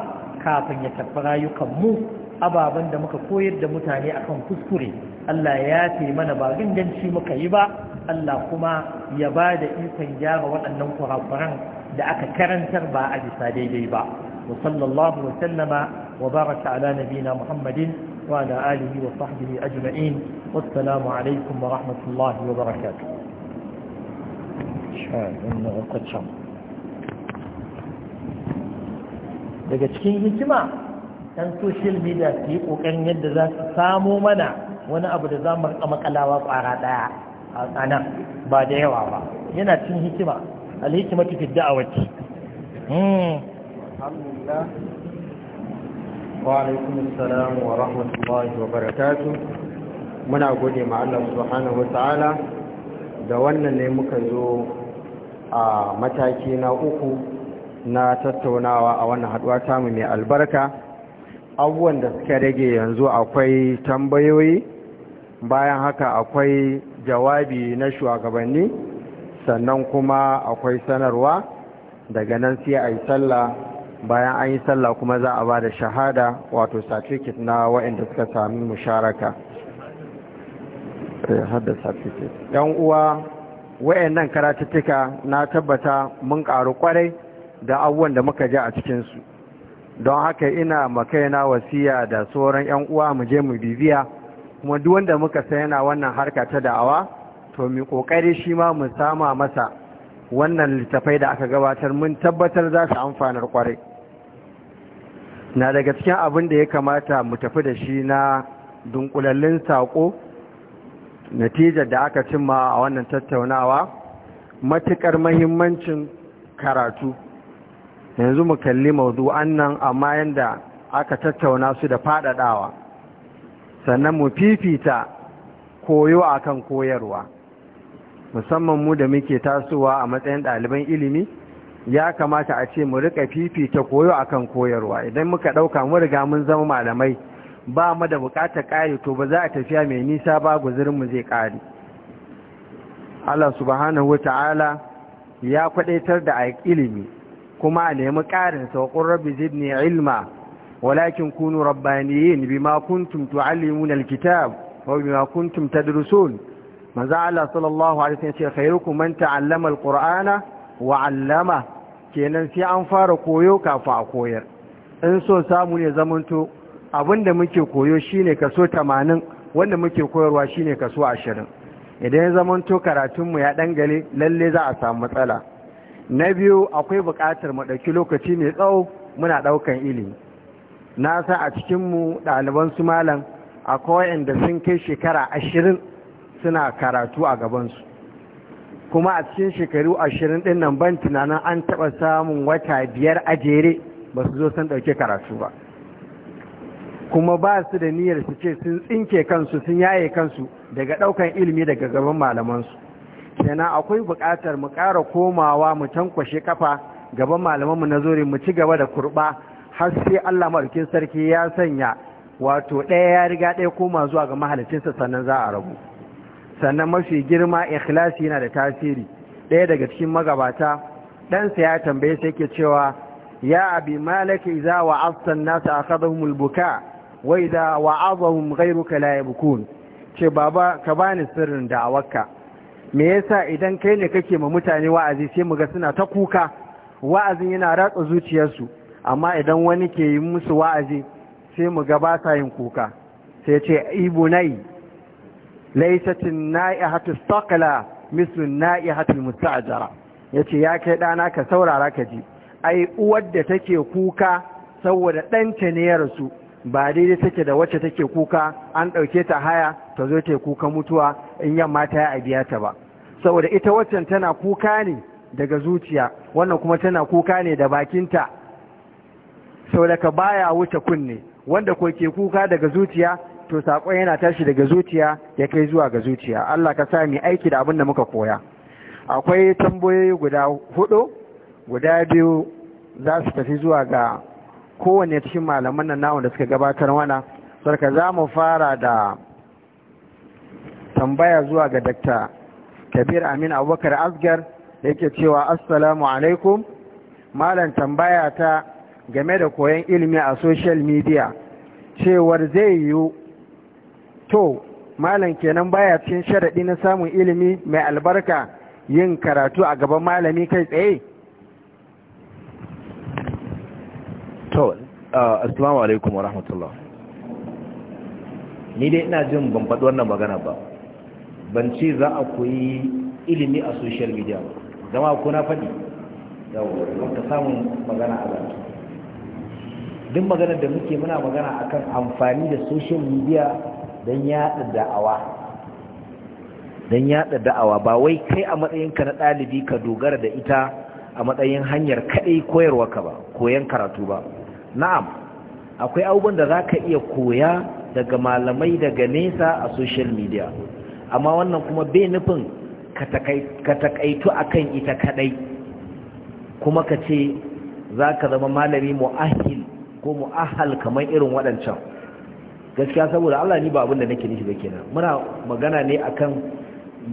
kafin ya tafi mu ababen da muka koyar da mutane akan kuskure Allah ya yafe mana ba ganganci muka yi ba Allah kuma ya ba da ikon gyara waɗannan kurakuran da aka karantar ba a bisa daidai ba wa sallallahu wa sallama wa baraka ala nabina muhammadin wa ala alihi wa sahbihi ajma'in wassalamu alaikum wa rahmatullahi wa daga cikin hikima ɗan social media su yi ƙoƙarin yadda za su samo mana wani abu da za mu makalawa ƙwara ɗaya a tsanan ba da yawa ba yana cin hikima alhikima ta fidda a muna gode ma Allah subhanahu ta'ala da wannan ne muka zo a mataki na uku na tattaunawa a wannan haduwa tamu mai albarka abubuwan da suka rage yanzu akwai tambayoyi bayan haka akwai jawabi na shugabanni sannan kuma akwai sanarwa daga nan sai a yi sallah bayan an yi sallah kuma za a ba da shahada wato satikit na waɗanda suka sami musharaka eh, yan uwa Wayan nan karatuttuka na tabbata mun ƙaru kwarai da abubuwan da muka ji a cikinsu don haka ina makaina wasiya da sauran 'yan uwa mu je mu bibiya kuma duk wanda muka san yana wannan harka ta da'awa to mu kokari shi ma mu sama masa wannan littafai da aka gabatar mun tabbatar za su amfanar kwarai na daga cikin abin da ya kamata mu tafi da shi na dunkulallin saƙo natijar da aka cimma a wannan tattaunawa matukar mahimmancin karatu yanzu mu kalli mawdu'an nan amma yanda aka tattauna su da faɗaɗawa sannan mu fifita koyo akan koyarwa musamman mu da muke tasowa a matsayin ɗaliban ilimi ya kamata a ce mu rika fifita koyo akan koyarwa idan muka ɗauka mu riga mun zama malamai ba mu da bukatar ƙari to ba za a tafiya mai nisa ba guzurinmu zai ƙari Allah subhanahu wata'ala ya kwadaitar da ilimi kuma a nemi ƙarin sauƙin rabbi zidni ilma walakin kunu rabbaniyin bima kuntum tu'allimuna alkitab wa bima kuntum tadrusun manzo Allah sallallahu alaihi wasallam ce khairukum man ta'allama alqur'ana wa 'allama kenan sai an fara koyo kafin a koyar in so samu ne zamanto da muke koyo shine kaso tamanin wanda muke koyarwa shine kaso ashirin idan ya zamanto karatunmu ya dangale lalle za a samu matsala na biyu akwai buƙatar mu ɗauki lokaci mai tsawo muna ɗaukan ilimi na sa a cikinmu ɗaliban su malam akwai waɗanda sun kai shekara ashirin suna karatu a gabansu kuma a cikin shekaru ashirin ɗin nan ban tunanin an taɓa samun wata biyar a jere ba su zo sun ɗauke karatu ba kuma ba su da niyyar su ce sun tsinke kansu sun yaye kansu daga ɗaukan ilimi daga gaban malamansu kenan akwai buƙatar mu ƙara komawa mu tankwashe kafa gaban malamanmu na zuri mu ci gaba da kurɓa har sai Allah maɗaukin sarki ya sanya wato ɗaya ya riga ɗaya koma zuwa ga mahalicinsa sannan za a rabu sannan mafi girma ikhlasi yana da tasiri ɗaya daga cikin magabata ɗansa ya tambaye sai ke cewa ya abi malaka iza wa afsan nasa akhadahum albuka wai da wa'azahum ghairuka la yabkun ce baba ka bani sirrin da'awarka me yasa idan kai ne kake ma mutane wa'azi sai muga suna ta kuka wa'azin yana ratsa zuciyarsu amma idan wani ke yi musu wa'azi sai muga ba sa yin kuka sai ce ibunai laysatun na'ihatu staqla mislu na'ihatu musta'jara yace ya kai dana ka saurara ka ji ai uwar da take kuka saboda ɗanta ne ya rasu ba daidai take da wacce take kuka an ɗauke ta haya ta zo ta kuka mutuwa in yamma ta yi biya ta ba saboda ita waccan tana kuka ne daga zuciya wannan kuma tana kuka ne da bakinta saboda ka baya wuce kunne wanda ko ke kuka daga zuciya to sakon yana tashi daga zuciya ya kai zuwa ga zuciya Allah ka sa aiki da abin da muka koya akwai tambayoyi guda hudu guda biyu za su tafi zuwa ga kowane cikin malaman nan na wanda suka gabatar mana sarka za mu fara da tambaya zuwa ga dakta kabir amin abubakar asgar yake cewa assalamu alaikum malam tambaya ta game da koyon ilimi a social media cewar zai yiwu to malam kenan baya cin sharaɗi na samun ilimi mai albarka yin karatu a gaban malami kai tsaye Ah, assalamu alaikum wa rahmatullah ni dai ina jin ban faɗi wannan magana ba ban ce za a koyi ilimi a social media zama ko na faɗi yau ka samun magana a zaki duk magana da muke muna magana akan amfani da social media don yaɗa da'awa don yaɗa da'awa ba wai kai a matsayinka na ɗalibi ka dogara da ita a matsayin hanyar kaɗai koyarwa ka ba koyan karatu ba na'am akwai abubuwan da zaka iya koya daga malamai daga nesa a social media amma wannan kuma bai nufin ka takaitu akan ita kadai kuma ka ce za ka zama malami mu'ahil ko mu'ahal kamar irin waɗancan gaskiya saboda Allah ni ba abin da nake nishi ba kenan muna magana ne akan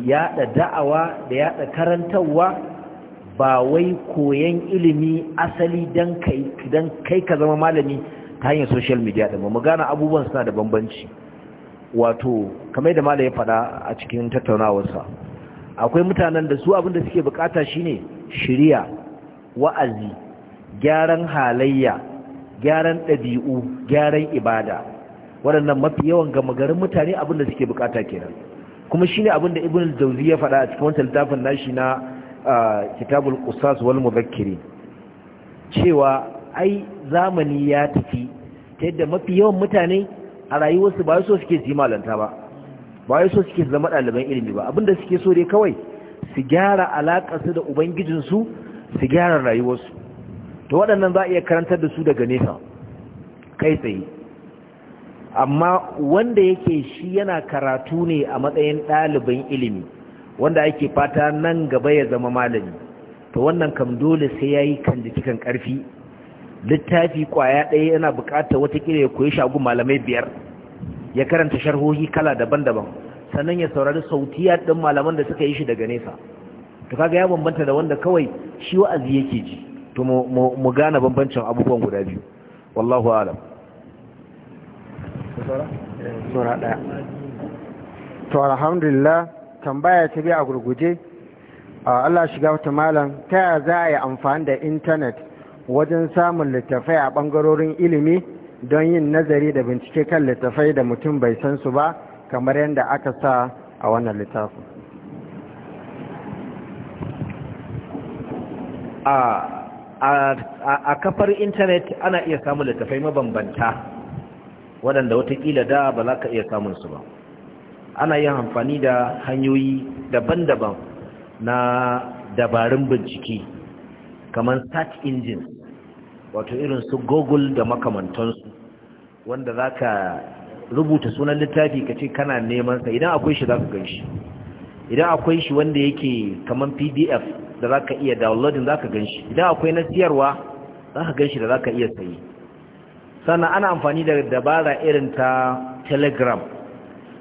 yaɗa da'awa da yaɗa karantarwa ba wai koyan ilimi asali don kai ka zama malami ta hanyar social media da ba mu gane abubuwan suna da bambanci wato kamar da malami ya faɗa a cikin tattaunawarsa akwai mutanen da su abinda suke bukata shine shirya wa'azi gyaran halayya gyaran ɗabi'u gyaran ibada waɗannan mafi yawan gama garin mutane abinda suke bukata kenan kuma shine abinda ibn al ya faɗa a cikin wannan littafin nashi na kitabul ustaz wal mudhakkiri cewa ai zamani ya tafi ta yadda mafi yawan mutane a rayuwarsu ba so suke su ba ba so suke zama ɗaliban ilimi ba abinda suke so dai kawai su gyara alaƙarsu da ubangijinsu su gyara rayuwarsu to waɗannan za a iya karantar da su daga nesa kai tsaye amma wanda yake shi yana karatu ne a matsayin ɗaliban ilimi wanda ake fata nan gaba ya zama malami to wannan kam dole sai yayi kan jikikan karfi littafi kwaya ɗaya yana buƙatar watakila ya koyi shagun malamai biyar ya karanta sharhohi kala daban-daban sannan ya saurari sautiya ɗin malaman da suka yi shi daga nesa to kaga ya bambanta da wanda kawai shi wa'azi yake ji to mu gane bambancin abubuwan guda biyu wallahu alam to alhamdulillah tambaya ta biya a gurguje Allah shiga wata malam ta yaya za a yi amfani da intanet wajen samun littafai a ɓangarorin ilimi don yin nazari da bincike kan littafai da mutum bai san su ba kamar yadda aka sa a wannan littafin a kafar intanet ana iya samun littafai mabambanta waɗanda watakila da ba za ka iya samun su ba ana yin amfani da hanyoyi daban-daban na dabarun bincike kamar search engines wato irin su google da makamantansu wanda za ka rubuta sunan littafi ka ce kana nemansa idan akwai shi za ka ganshi. idan akwai shi wanda yake kamar pdf da za ka iya downloadin za ka ganshi. idan akwai na siyarwa za ka ganshi da za ka iya sayi sannan ana amfani da dabara irin ta telegram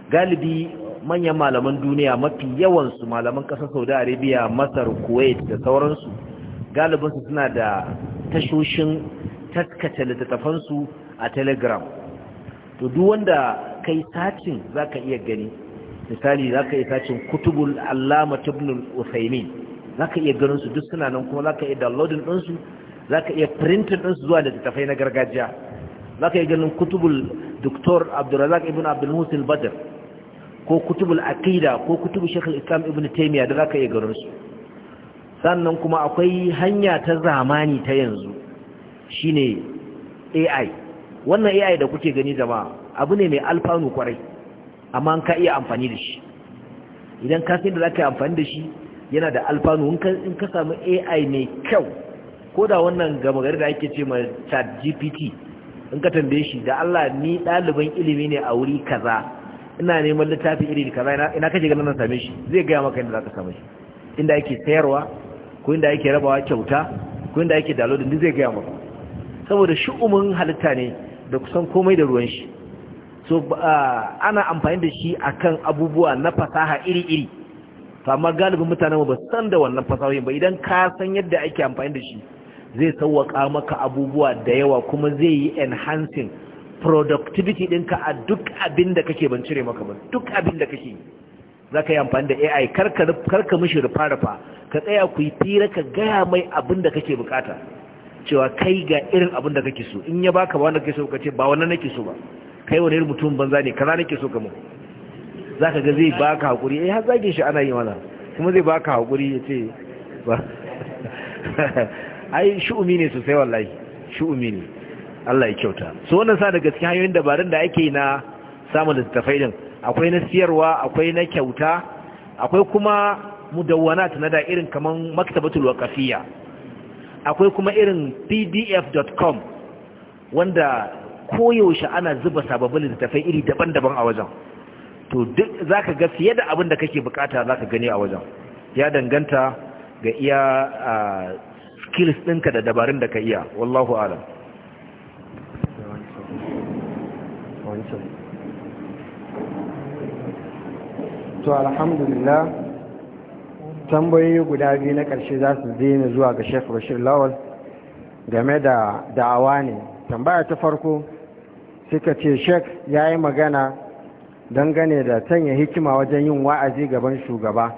galibi manyan malaman duniya mafi yawansu malaman kasar saudi arabia masar kuwait da sauransu galibinsu suna da tashoshin taskata littattafansu a telegram to duk wanda kai sacin za ka iya gani misali za ka iya sacin kutubul allama tubnul usaimin za ka iya ganinsu duk suna nan kuma za ka iya downloadin ɗinsu za ka iya printin ɗinsu zuwa littattafai na gargajiya za ka iya ganin kutubul doktor abdurazak ibn abdulhusin badr ko kutubul aqida ko kutubu shekul islam ibn taimiya da za ka iya garinsu sannan kuma akwai hanya ta zamani ta yanzu shine ai wannan ai da kuke gani jama'a abu ne mai alfanu kwarai amma ka iya amfani da shi idan ka san da za ka yi amfani da shi yana da alfanu in ka samu ai mai kyau ko da wannan gama gari da ake ce ma chat gpt in ka tambaye shi da allah ni ɗaliban ilimi ne a wuri kaza ina neman littafi iri kaza ina ina kaje ganin nan same shi zai ga maka inda zaka same shi inda yake sayarwa ko inda yake rabawa kyauta ko inda yake downloading din zai ga maka saboda shi'umin halitta ne da kusan komai da ruwan shi so ana amfani da shi akan abubuwa na fasaha iri-iri to amma galibin mutanen ba san da wannan fasahohin ba idan ka san yadda ake amfani da shi zai sauwaka maka abubuwa da yawa kuma zai yi enhancing productivity ɗinka a duk abin da kake ban cire maka ba duk abin da kake za ka yi amfani da ai karka mishi rufa-rufa ka tsaya ku yi fira ka gaya mai abin da kake bukata cewa kai ga irin abin da kake so in ya baka ba wanda kake so ka ce ba wannan nake so ba kai wani irin mutum banza ne kaza nake so kamar za ka ga zai baka hakuri eh har zage shi ana yi mana kuma zai baka hakuri ya ce ba ai shiumi ne sosai wallahi shu'umi ne Allah ya kyauta so wannan sa daga cikin hanyoyin dabarun da ake na samun littafai din akwai na siyarwa akwai na kyauta akwai kuma mudawwanat na da irin kaman maktabatul waqafiyya akwai kuma irin pdf.com wanda koyaushe ana zuba sababbin littattafai iri daban-daban a wajen to duk zaka ga fiye da abin da kake bukata zaka gani a wajen ya danganta ga iya ah, skills ɗinka da dabarun da ka iya wallahu alam To to alhamdulillah tambayoyi guda biyu na ƙarshe za su zina zuwa ga Sheikh Rashid Lawal game da da'awa ne tambaya ta farko suka ce ya yi magana dangane da sanya hikima wajen yin wa'azi gaban shugaba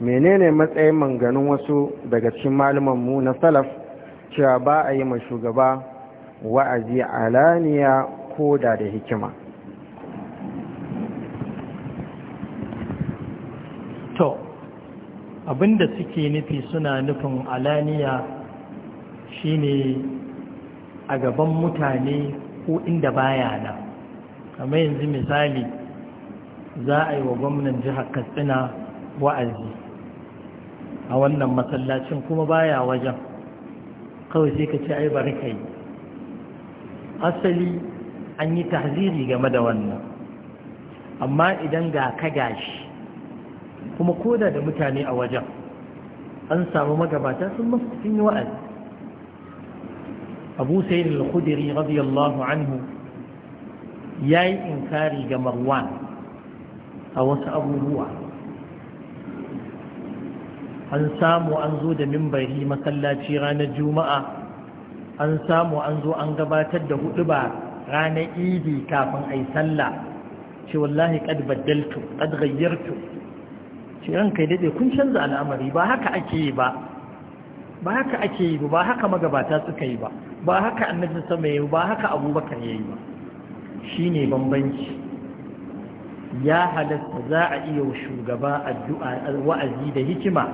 menene matsayin manganin wasu daga cikin mu na salaf cewa ba a yi ma shugaba wa'azi alaniya koda da hikima to abinda suke nufi suna nufin alaniya shine a gaban mutane ko inda baya na kamar yanzu misali za a yi wa gwamnan jihar katsina wa'azi a wannan masallacin kuma baya wajen kawai sai ka ce ai bari asali an yi tahziri game da wannan amma idan ga ka gashi kuma koda da mutane a wajen an samu magabata sun masu yi wa'azi abu sayyid al-khudri radiyallahu anhu yayi inkari ga marwan a wasu abubuwa an samu an zo da mimbari masallaci ranar juma'a an samu an zo an gabatar da hudu ba ranar idi kafin a yi sallah ce wallahi kad baddaltu kad gayyartu ce ranka daɗe kun canza al'amari ba haka ake yi ba ba haka ake yi ba haka magabata suka yi ba ba haka annabi sama yayi ba haka abubakar yayi ba shine bambanci ya halatta za a iya shugaba addu'a wa'azi da hikima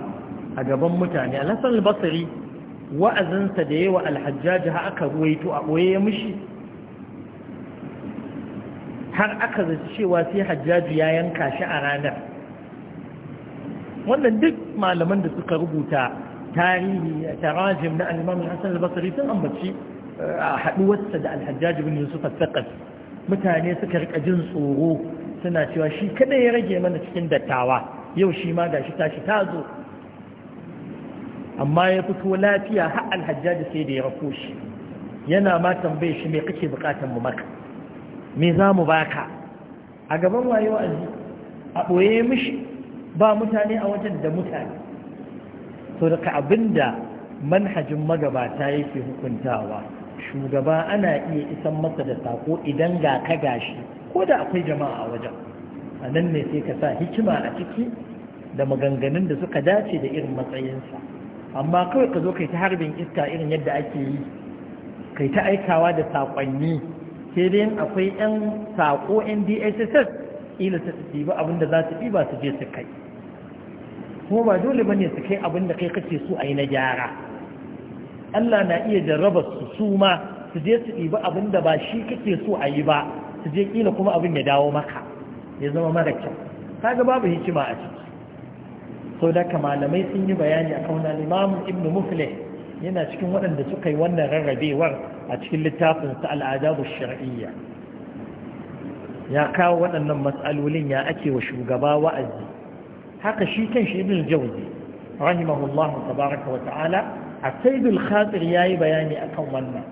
a gaban mutane al-Hasan al-Basri wa'azinsa da yawa al-Hajjaj aka ruwaito a boye mushi. har aka zaci cewa sai hajjaji ya yanka shi a ranar wannan duk malaman da suka rubuta tarihi tarajim na al-imam al sun ambaci eh, a haduwarsa da alhajjaji hajjaj ibn yusuf al mutane suka rika jin tsoro suna cewa shi kada ya rage mana cikin dattawa yau shi ma gashi tashi ta zo amma ya fito lafiya har alhajjaji sai da ya rako shi yana ma tambaye shi me kake bukatan mu maka me za mu baka a gaban waye wa'azi a ɓoye mishi ba mutane a wajen da mutane so daga abinda manhajin magabata yake hukuntawa shugaba ana iya isan masa da sako idan ga ka gashi ko da akwai jama'a a wajen a nan ne sai ka sa hikima a ciki da maganganun da suka dace da irin matsayinsa amma kawai ka zo kai ta harbin iska irin yadda ake yi kai ta aikawa da saƙonni sai dai akwai 'yan saƙo ndss ila su su ba abinda za su ba su je su kai kuma ba dole ba ne su kai abinda kai kake so a yi na gyara allah na iya jarraba su su ma su je su ɗiba abinda ba shi kake so a yi ba su je ƙila kuma abin ya dawo maka ya zama mara kyau ta kaga babu hikima a ciki sau da malamai sun yi bayani a kauna imamu ibn muflih yana cikin waɗanda suka yi wannan rarrabewar a cikin littafinsa al'adabu shar'iyya ya kawo waɗannan matsalolin ya ake wa shugaba wa'azi haka shi kan shi ibn jauzi rahimahullahu tabaraka wa ta'ala a saidul khatir yayi bayani akan wannan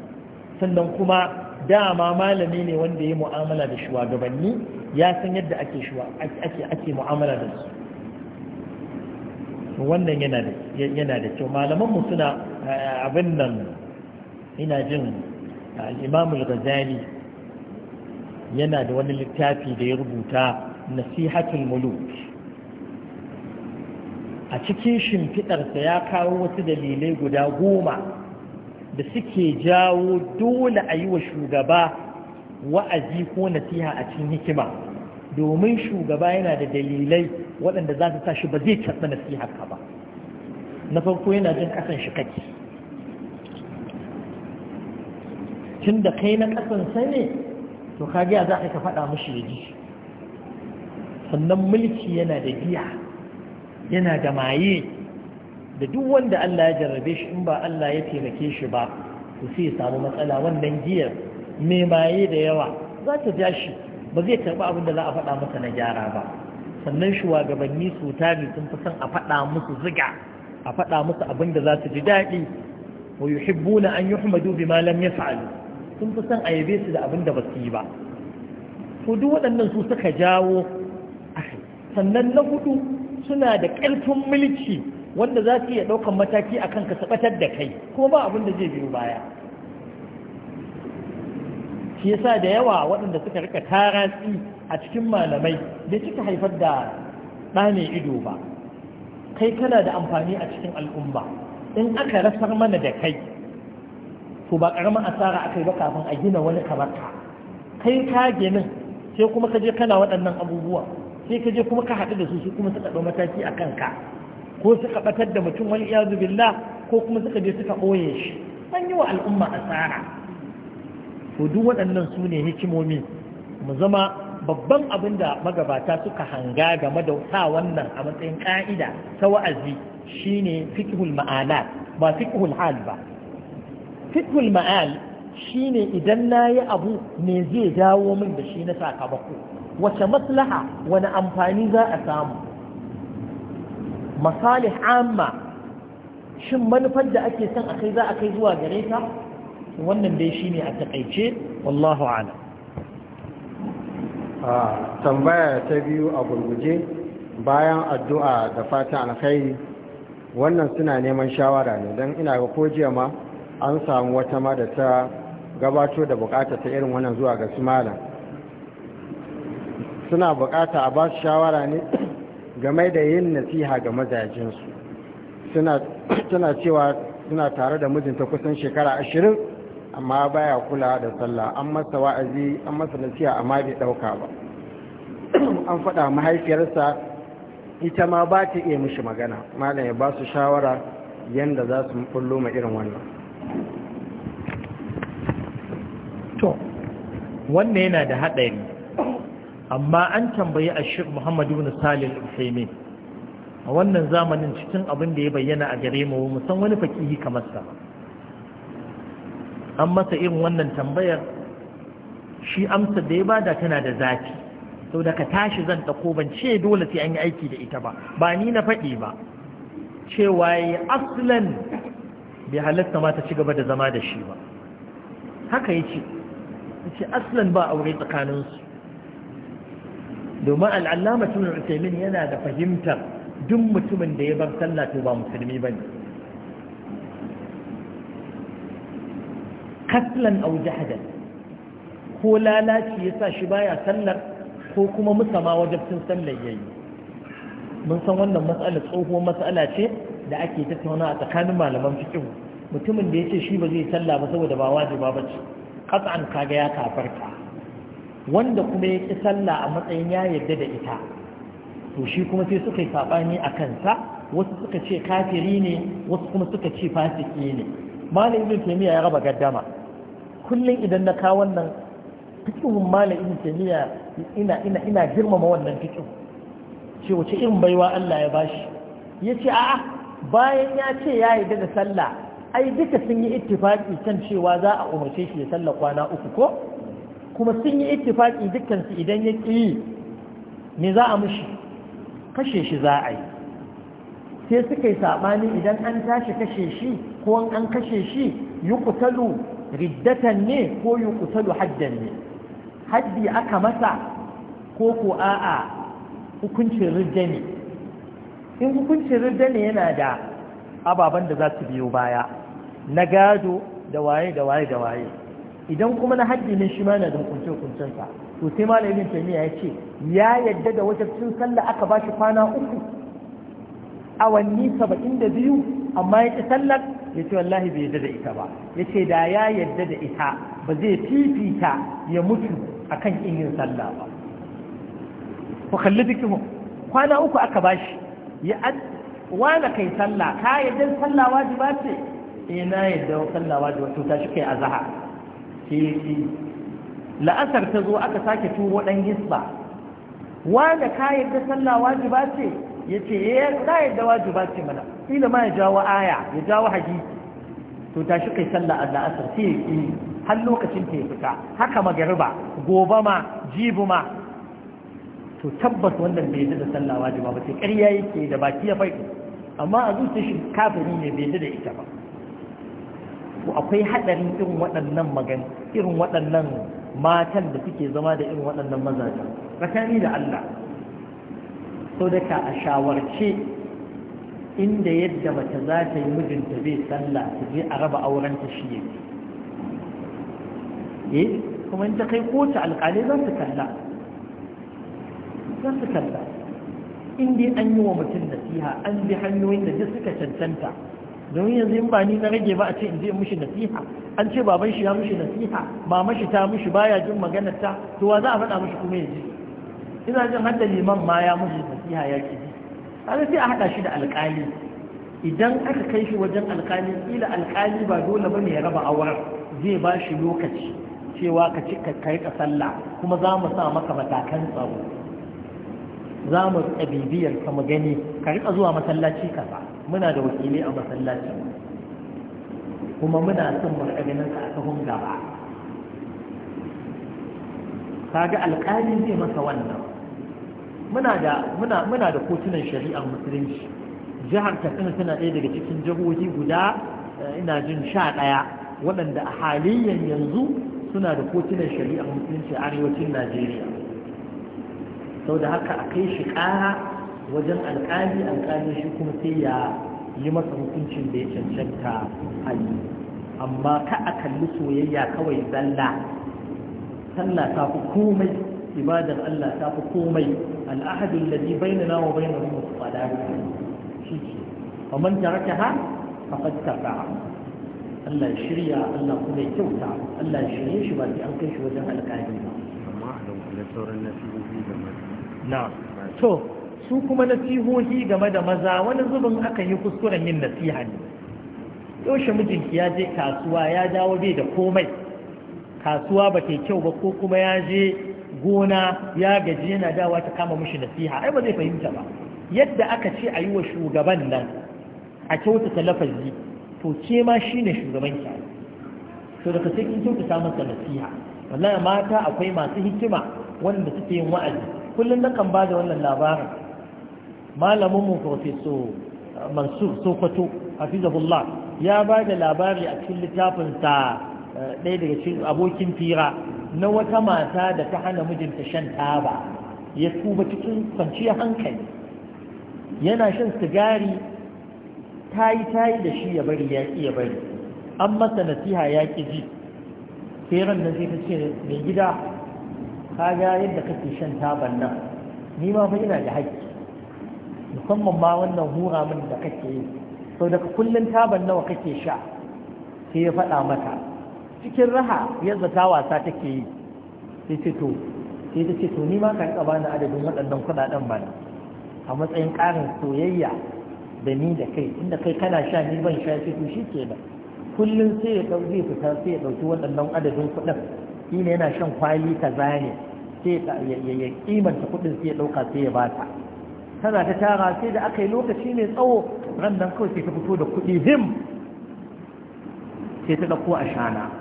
sannan kuma dama malami ne wanda ya mu'amala da shugabanni ya san yadda ake ake ake mu'amala da su wannan yana da yana da kyau malaman mu suna abin nan ina jin al'imamul ghazali yana da wani littafi da ya rubuta nasihatul muluk a cikin shimfiɗarsa ya kawo wasu dalilai guda goma da suke jawo dole a yi wa shugaba wa'azi ko nasiha a cikin hikima domin shugaba yana da dalilai waɗanda za su shi ba zai karɓi nasiha ka ba na farko yana jin kasan shi kake tun da kai na ƙasan sani ne to kagiya za ka faɗa mashi ya ji, sannan mulki yana da giya yana da maye da duk wanda Allah ya jarrabe shi in ba Allah ya taimake shi ba to sai ya samu matsala wannan giyar mai maye da yawa za ta ja shi ba zai karɓi abin da za a faɗa masa na gyara ba sannan shugabanni su tari sun fi son a faɗa musu ziga a faɗa musu abin da za su ji daɗi wa na an yi yuhmadu malam lam fa’alu sun fi son a yabe su da abin da ba su yi ba to duk waɗannan su suka jawo sannan na hudu suna da ƙarfin mulki wanda za su iya ɗaukan mataki a kan ka ɓatar da kai kuma ba abin da zai biyo baya shi yasa da yawa waɗanda suka rika taratsi a cikin malamai bai cika haifar da ɗa ido ba kai kana da amfani a cikin al'umma in aka rasar mana da kai to ba ƙaramin asara aka yi ba kafin a gina wani kamar ka kai ka ginin sai kuma ka je kana waɗannan abubuwa sai ka je kuma ka haɗu da su su kuma suka ɗau mataki a kanka ko suka ɓatar da mutum wani iyazu billah ko kuma suka je suka ɓoye shi an yi wa al'umma asara to duk waɗannan su ne hikimomi mu zama babban abin da magabata suka hanga game da sa wannan a matsayin ƙa'ida ta wa'azi shine fiqhul ma'anat ba fiqhul hal ba fiqhul ma'al shine idan na yi abu me zai dawo min da shi na sakamako wace maslaha wani amfani za a samu masalih amma shin manufar da ake son a kai za a kai zuwa gare ta wannan dai shine a takaice wallahu a'lam a tambaya ta biyu a gurguje bayan addu'a da fatan alkhairi wannan suna neman shawara ne don ina ga kojiya ma an samu wata ma da ta gabato da bukata ta irin wannan zuwa ga su malam suna bukata a ba su shawara ne game da yin nasiha ga mazajinsu suna cewa suna tare da mijinta kusan shekara ashirin amma baya kula da sallah an masa wa'azi an masa nasiha amma bai ɗauka ba an faɗa mahaifiyarsa ita ma ba ta iya mishi magana malam ya ba su shawara yadda za su fullo ma irin wannan to wannan yana da haɗari amma an tambayi a muhammadu na salil usaimin a wannan zamanin cikin abin da ya bayyana a gare mu musan wani fakihi kamar sa an masa irin wannan tambayar shi amsa da ya bada tana da zafi sau da ka tashi zan ɗako ban ce dole sai an yi aiki da ita ba ba ni na faɗi ba cewa ya asilan bai halatta mata ta ci gaba da zama da shi ba haka ya ce ce aslan ba aure tsakaninsu domin al'allama tunan yana da fahimtar duk mutumin da ya bar sallah to ba musulmi ba ne kaslan au jahadan ko lalaci ya sa shi baya sallar ko kuma musama wajabcin sallar yayi mun san wannan matsala tsohuwar matsala ce da ake tattauna a tsakanin malaman fiqh mutumin da ya ce shi ba zai sallah ba saboda ba wajiba bace qat'an kaga ya kafarta wanda kuma ya ki sallah a matsayin ya yarda da ita to shi kuma sai suka yi saɓani a kansa wasu suka ce kafiri ne wasu kuma suka ce fasiki ne malamin ibn taymiya ya raba gaddama kullum idan na kawo wannan fikihun mala ibn taymiya ina ina ina girmama wannan fikihun ce wace irin baiwa Allah ya bashi yace a'a bayan ya ce ya yi daga sallah ai duka sun yi ittifaki kan cewa za a umarce shi ya sallah kwana uku ko kuma sun yi ittifaki dukkan su idan ya ƙi me za a mishi kashe shi za a yi sai suka yi saɓani idan an tashi kashe shi ko an kashe shi yi kutalu riddatan ne ko yi kusalu haddan ne haddi aka masa ko ko a'a hukuncin ridda ne in hukuncin ridda ne yana da ababen da za su biyo baya na gado da waye da waye da waye idan kuma na haddi ne shi ma na da hukunce-hukuncensa to sai malamin ne ya ce ya yadda da wajen cin sallah aka ba shi kwana uku awanni saba'in da biyu amma ya ƙi sallar ya ce wallahi bai yadda da ita ba ya ce da ya yadda da ita ba zai fifita ya mutu akan kan yin sallah ba ku kalli fikihu kwana uku aka bashi ya wala kai sallah ka yadda sallah wajiba ce eh na yadda sallah wajiba to shi kai azhar ki. la'asar ta zo aka sake tuwo dan hisba wala ka yadda sallah wajiba ce ya ce ya eh, da yadda wajiba ce mana ila ma ya jawo aya ya jawo hadisi to tashi kai sallah Allah asar sai ya har lokacin ta ya fita haka magariba gobe ma jibu ma to tabbas wannan bai yi da sallah wajiba ba sai ƙarya yake da baki ya faɗi amma a zuciya shi kafiri ne bai da ita ba to akwai haɗarin irin waɗannan magan irin waɗannan matan da suke zama da irin waɗannan mazajen tsakani da Allah da ka, a shawarce inda yadda mace za ta yi mijinta zai sallah ta je a raba auren ta shi yake eh kuma in ta kai kowace alƙalai za su kalla za su kalla in dai an yi wa mutum nasiha an bi hanyoyin da duk suka cancanta domin yanzu in ba ni na rage ba a ce in je mishi nasiha an ce baban shi ya mishi nasiha mama shi ta mishi baya jin maganar ta to wa za a faɗa mishi kuma ya ji ina jin hadda liman ma ya mushi nasiha ya ƙi kaga sai a haɗa shi da alƙali idan aka kai shi wajen alkali kila alƙali ba dole ba ne ya raba auren zai ba shi lokaci cewa ka ci ka kai ka sallah kuma za mu sa maka matakan tsaro za mu bibiyar ka mu gani ka riƙa zuwa masallaci kaza muna da wakilai a masallaci kuma muna son mu riƙa ganin ka a sahun gaba kaga alƙali zai masa wannan muna da kotunan shari'ar musulunci jihar katsina tana ɗaya daga cikin jihohi guda eh, ina jin sha ɗaya waɗanda a halayyar yanzu suna da kotunan shari'ar musulunci a arewacin najeriya sau da haka a kai shi ƙara wajen alƙali alƙali shi kuma sai ya yi masa hukuncin da ya cancanta a amma ka a kalli soyayya kawai zalla sallah ta fi komai ibadar allah ta fi komai الأحد الذي بيننا وبينهم الصلاة ومن تركها فقد كفر الله يشريع الله كما يتوسع الله يشريع شو بدي أنكش وجه القائمين ما أحد من سورة النسيب في جمال نعم تو su kuma nasihohi game da maza wani zubin akan yi kuskuren yin nasiha ne yaushe mijinki ya je kasuwa ya dawo bai da komai kasuwa ba kyau ba ko kuma ya je gona ya gaji yana dawa ta kama mashi nasiha ai ba zai fahimta ba yadda aka ce a yi wa shugaban nan a kyautata lafazi to ke ma shi ne shugaban ki to daga sai kin kyautata masa nasiha wallahi mata akwai masu hikima wanda suke yin wa'azi kullum nakan ba da wannan labarin malamin mu professor mansur sokoto hafizahullah ya ba da labari a cikin littafinsa ɗaya daga cikin abokin fira na wata mata da ta hana mijinta shan taba ya tuba cikin kwanciyar hankali yana shan sigari ta yi ta yi da shi ya bari ya ƙi ya bari an masa nasiha ya ƙi ji feran na nan sai ta ce mai gida ka ga yadda kake shan taban nan ni ma fa ina da haƙƙi musamman ma wannan hura min da kake yi sau daga kullum taban nawa kake sha sai ya faɗa mata cikin raha yadda ta wasa take yi sai ce to sai ta ce to ni ma ka riƙa bani adadin waɗannan kuɗaɗen bana a matsayin ƙarin soyayya da ni da kai inda kai kana sha ni ban sha sai to shi ke nan. kullum sai ya ɗauki zai fita sai ya ɗauki waɗannan adadin kuɗin shi ne yana shan kwali ka zane, sai ya kimanta kuɗin sai ya ɗauka sai ya bata tana ta tara sai da aka yi lokaci mai tsawo ran nan kawai sai ta fito da kuɗi him sai ta ɗauko a shana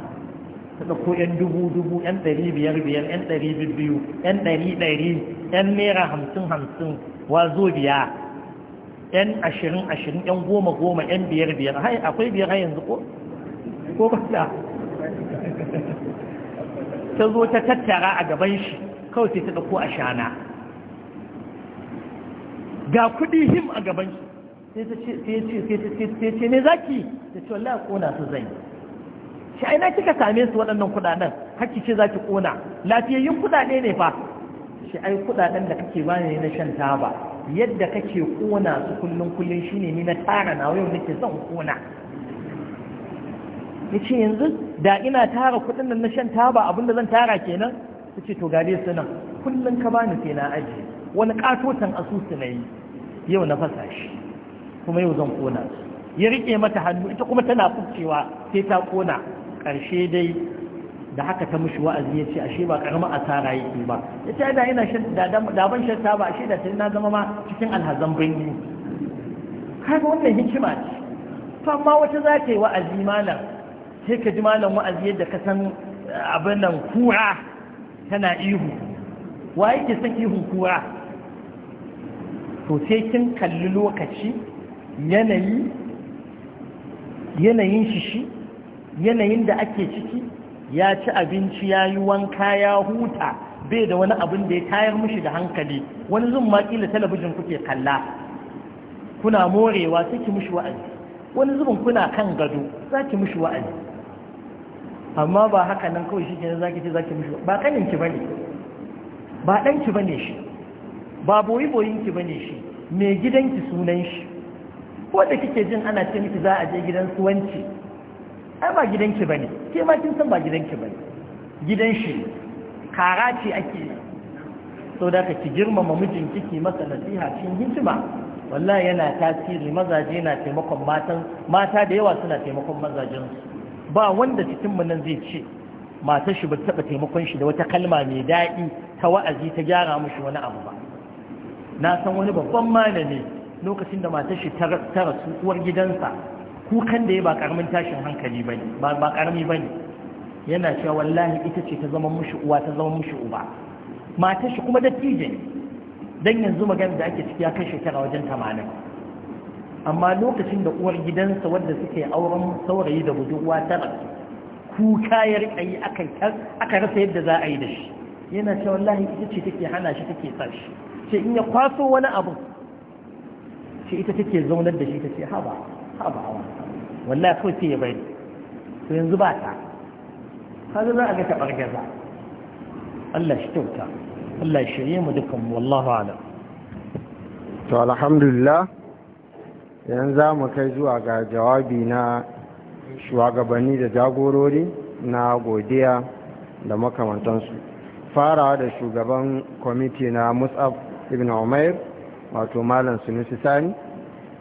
ta ɗauko ‘yan dubu dubu ‘yan ɗari biyar biyar ‘yan ɗari biyu ‘yan ɗari ɗari ‘yan naira hamsin hamsin wa zo biya ‘yan ashirin ashirin ‘yan goma goma ‘yan biyar biyar akwai biyar yanzu ko ko ba ta ta zo ta tattara a gaban shi kawai sai ta ɗauko a shana ga kuɗi him a gaban shi sai ta ce sai ta ce sai ta ce ne zaki ta ce ko na su zai. shi aina kika same su waɗannan kuɗaɗen hakki ce za ki ƙona lafiyayyun kuɗaɗe ne fa shi ai kuɗaɗen da kake bani ne na shan taba yadda kake ƙona su kullum kullum ne ni na tara na yau nake zan ƙona ce yanzu da ina tara kuɗin nan na shan taba abin da zan tara kenan ce to gare su nan kullum ka bani sai na aje wani katotan asusu na yi yau na fasa shi kuma yau zan ƙona su ya riƙe mata hannu ita kuma tana fuskewa sai ta ƙona ƙarshe dai da haka ta mushi wa'azi ya ce ashe ba a asara yi ba ya ce yana ina da ban ba a ashe da yi na zama ma cikin alhazan birni kaga wannan hikima ce to amma wata za ka yi wa'azi malam sai ka ji malam wa'azi yadda ka san eh, abin nan kura tana ihu wa yake son ihun kura to sai kin kalli lokaci yanayi yanayin shi shi yanayin da ake ciki ya ci abinci ya yi wanka ya huta bai da wani abin da ya tayar mushi da hankali wani zun ma kila talabijin kuke kalla kuna morewa sai ki mushi wa'azi wani zubin kuna kan gado za ki mushi wa'azi amma ba haka nan kawai shi kenan zaki ce zaki mushi ba kanin ki bane ba dan ki bane shi ba boyi boyin ki bane shi mai gidanki sunan shi ko da kike jin ana ce miki za a je gidan suwanci ai ba gidanki ne ke ma kin san ba gidanki gidan shi kara ce ake so da ka ki girmama mijinki ki masa nasiha cikin hikima wallahi yana tasiri mazaje na taimakon matan mata da yawa suna taimakon mazajen ba wanda cikin mu nan zai ce matar shi ba taba taimakon shi da wata kalma mai daɗi ta wa'azi ta gyara mishi wani abu ba na san wani babban malami lokacin da matar shi ta rasu uwar gidansa kukan da ya ba karamin tashin hankali ba ba karami bane yana cewa wallahi ita ce ta zama mushi uwa ta zama mushi uba matar shi kuma dattijo ne dan yanzu magana da ake ciki ya kai shekara wajen 80 amma lokacin da uwar gidansa wanda suke auren saurayi da budurwa ta kuka ya rika yi aka rasa yadda za a yi da shi yana cewa wallahi ita ce take hana shi take sa shi ce in ya kwaso wani abu ce ita take zaunar da shi ta ce haba haba wallahi kawai sai ya bari to yanzu ba ta kaga za a ga tabar gaza Allah shi tauta Allah shi yi mu dukan mu wallahi ala to alhamdulillah yanzu za mu kai zuwa ga jawabi na shugabanni da jagorori na godiya da makamantansu farawa da shugaban kwamiti na musab ibn umair wato malam sunusi sani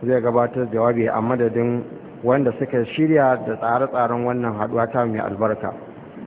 zai gabatar jawabi a madadin wanda suka shirya da tsare-tsaren wannan haduwa ta mai albarka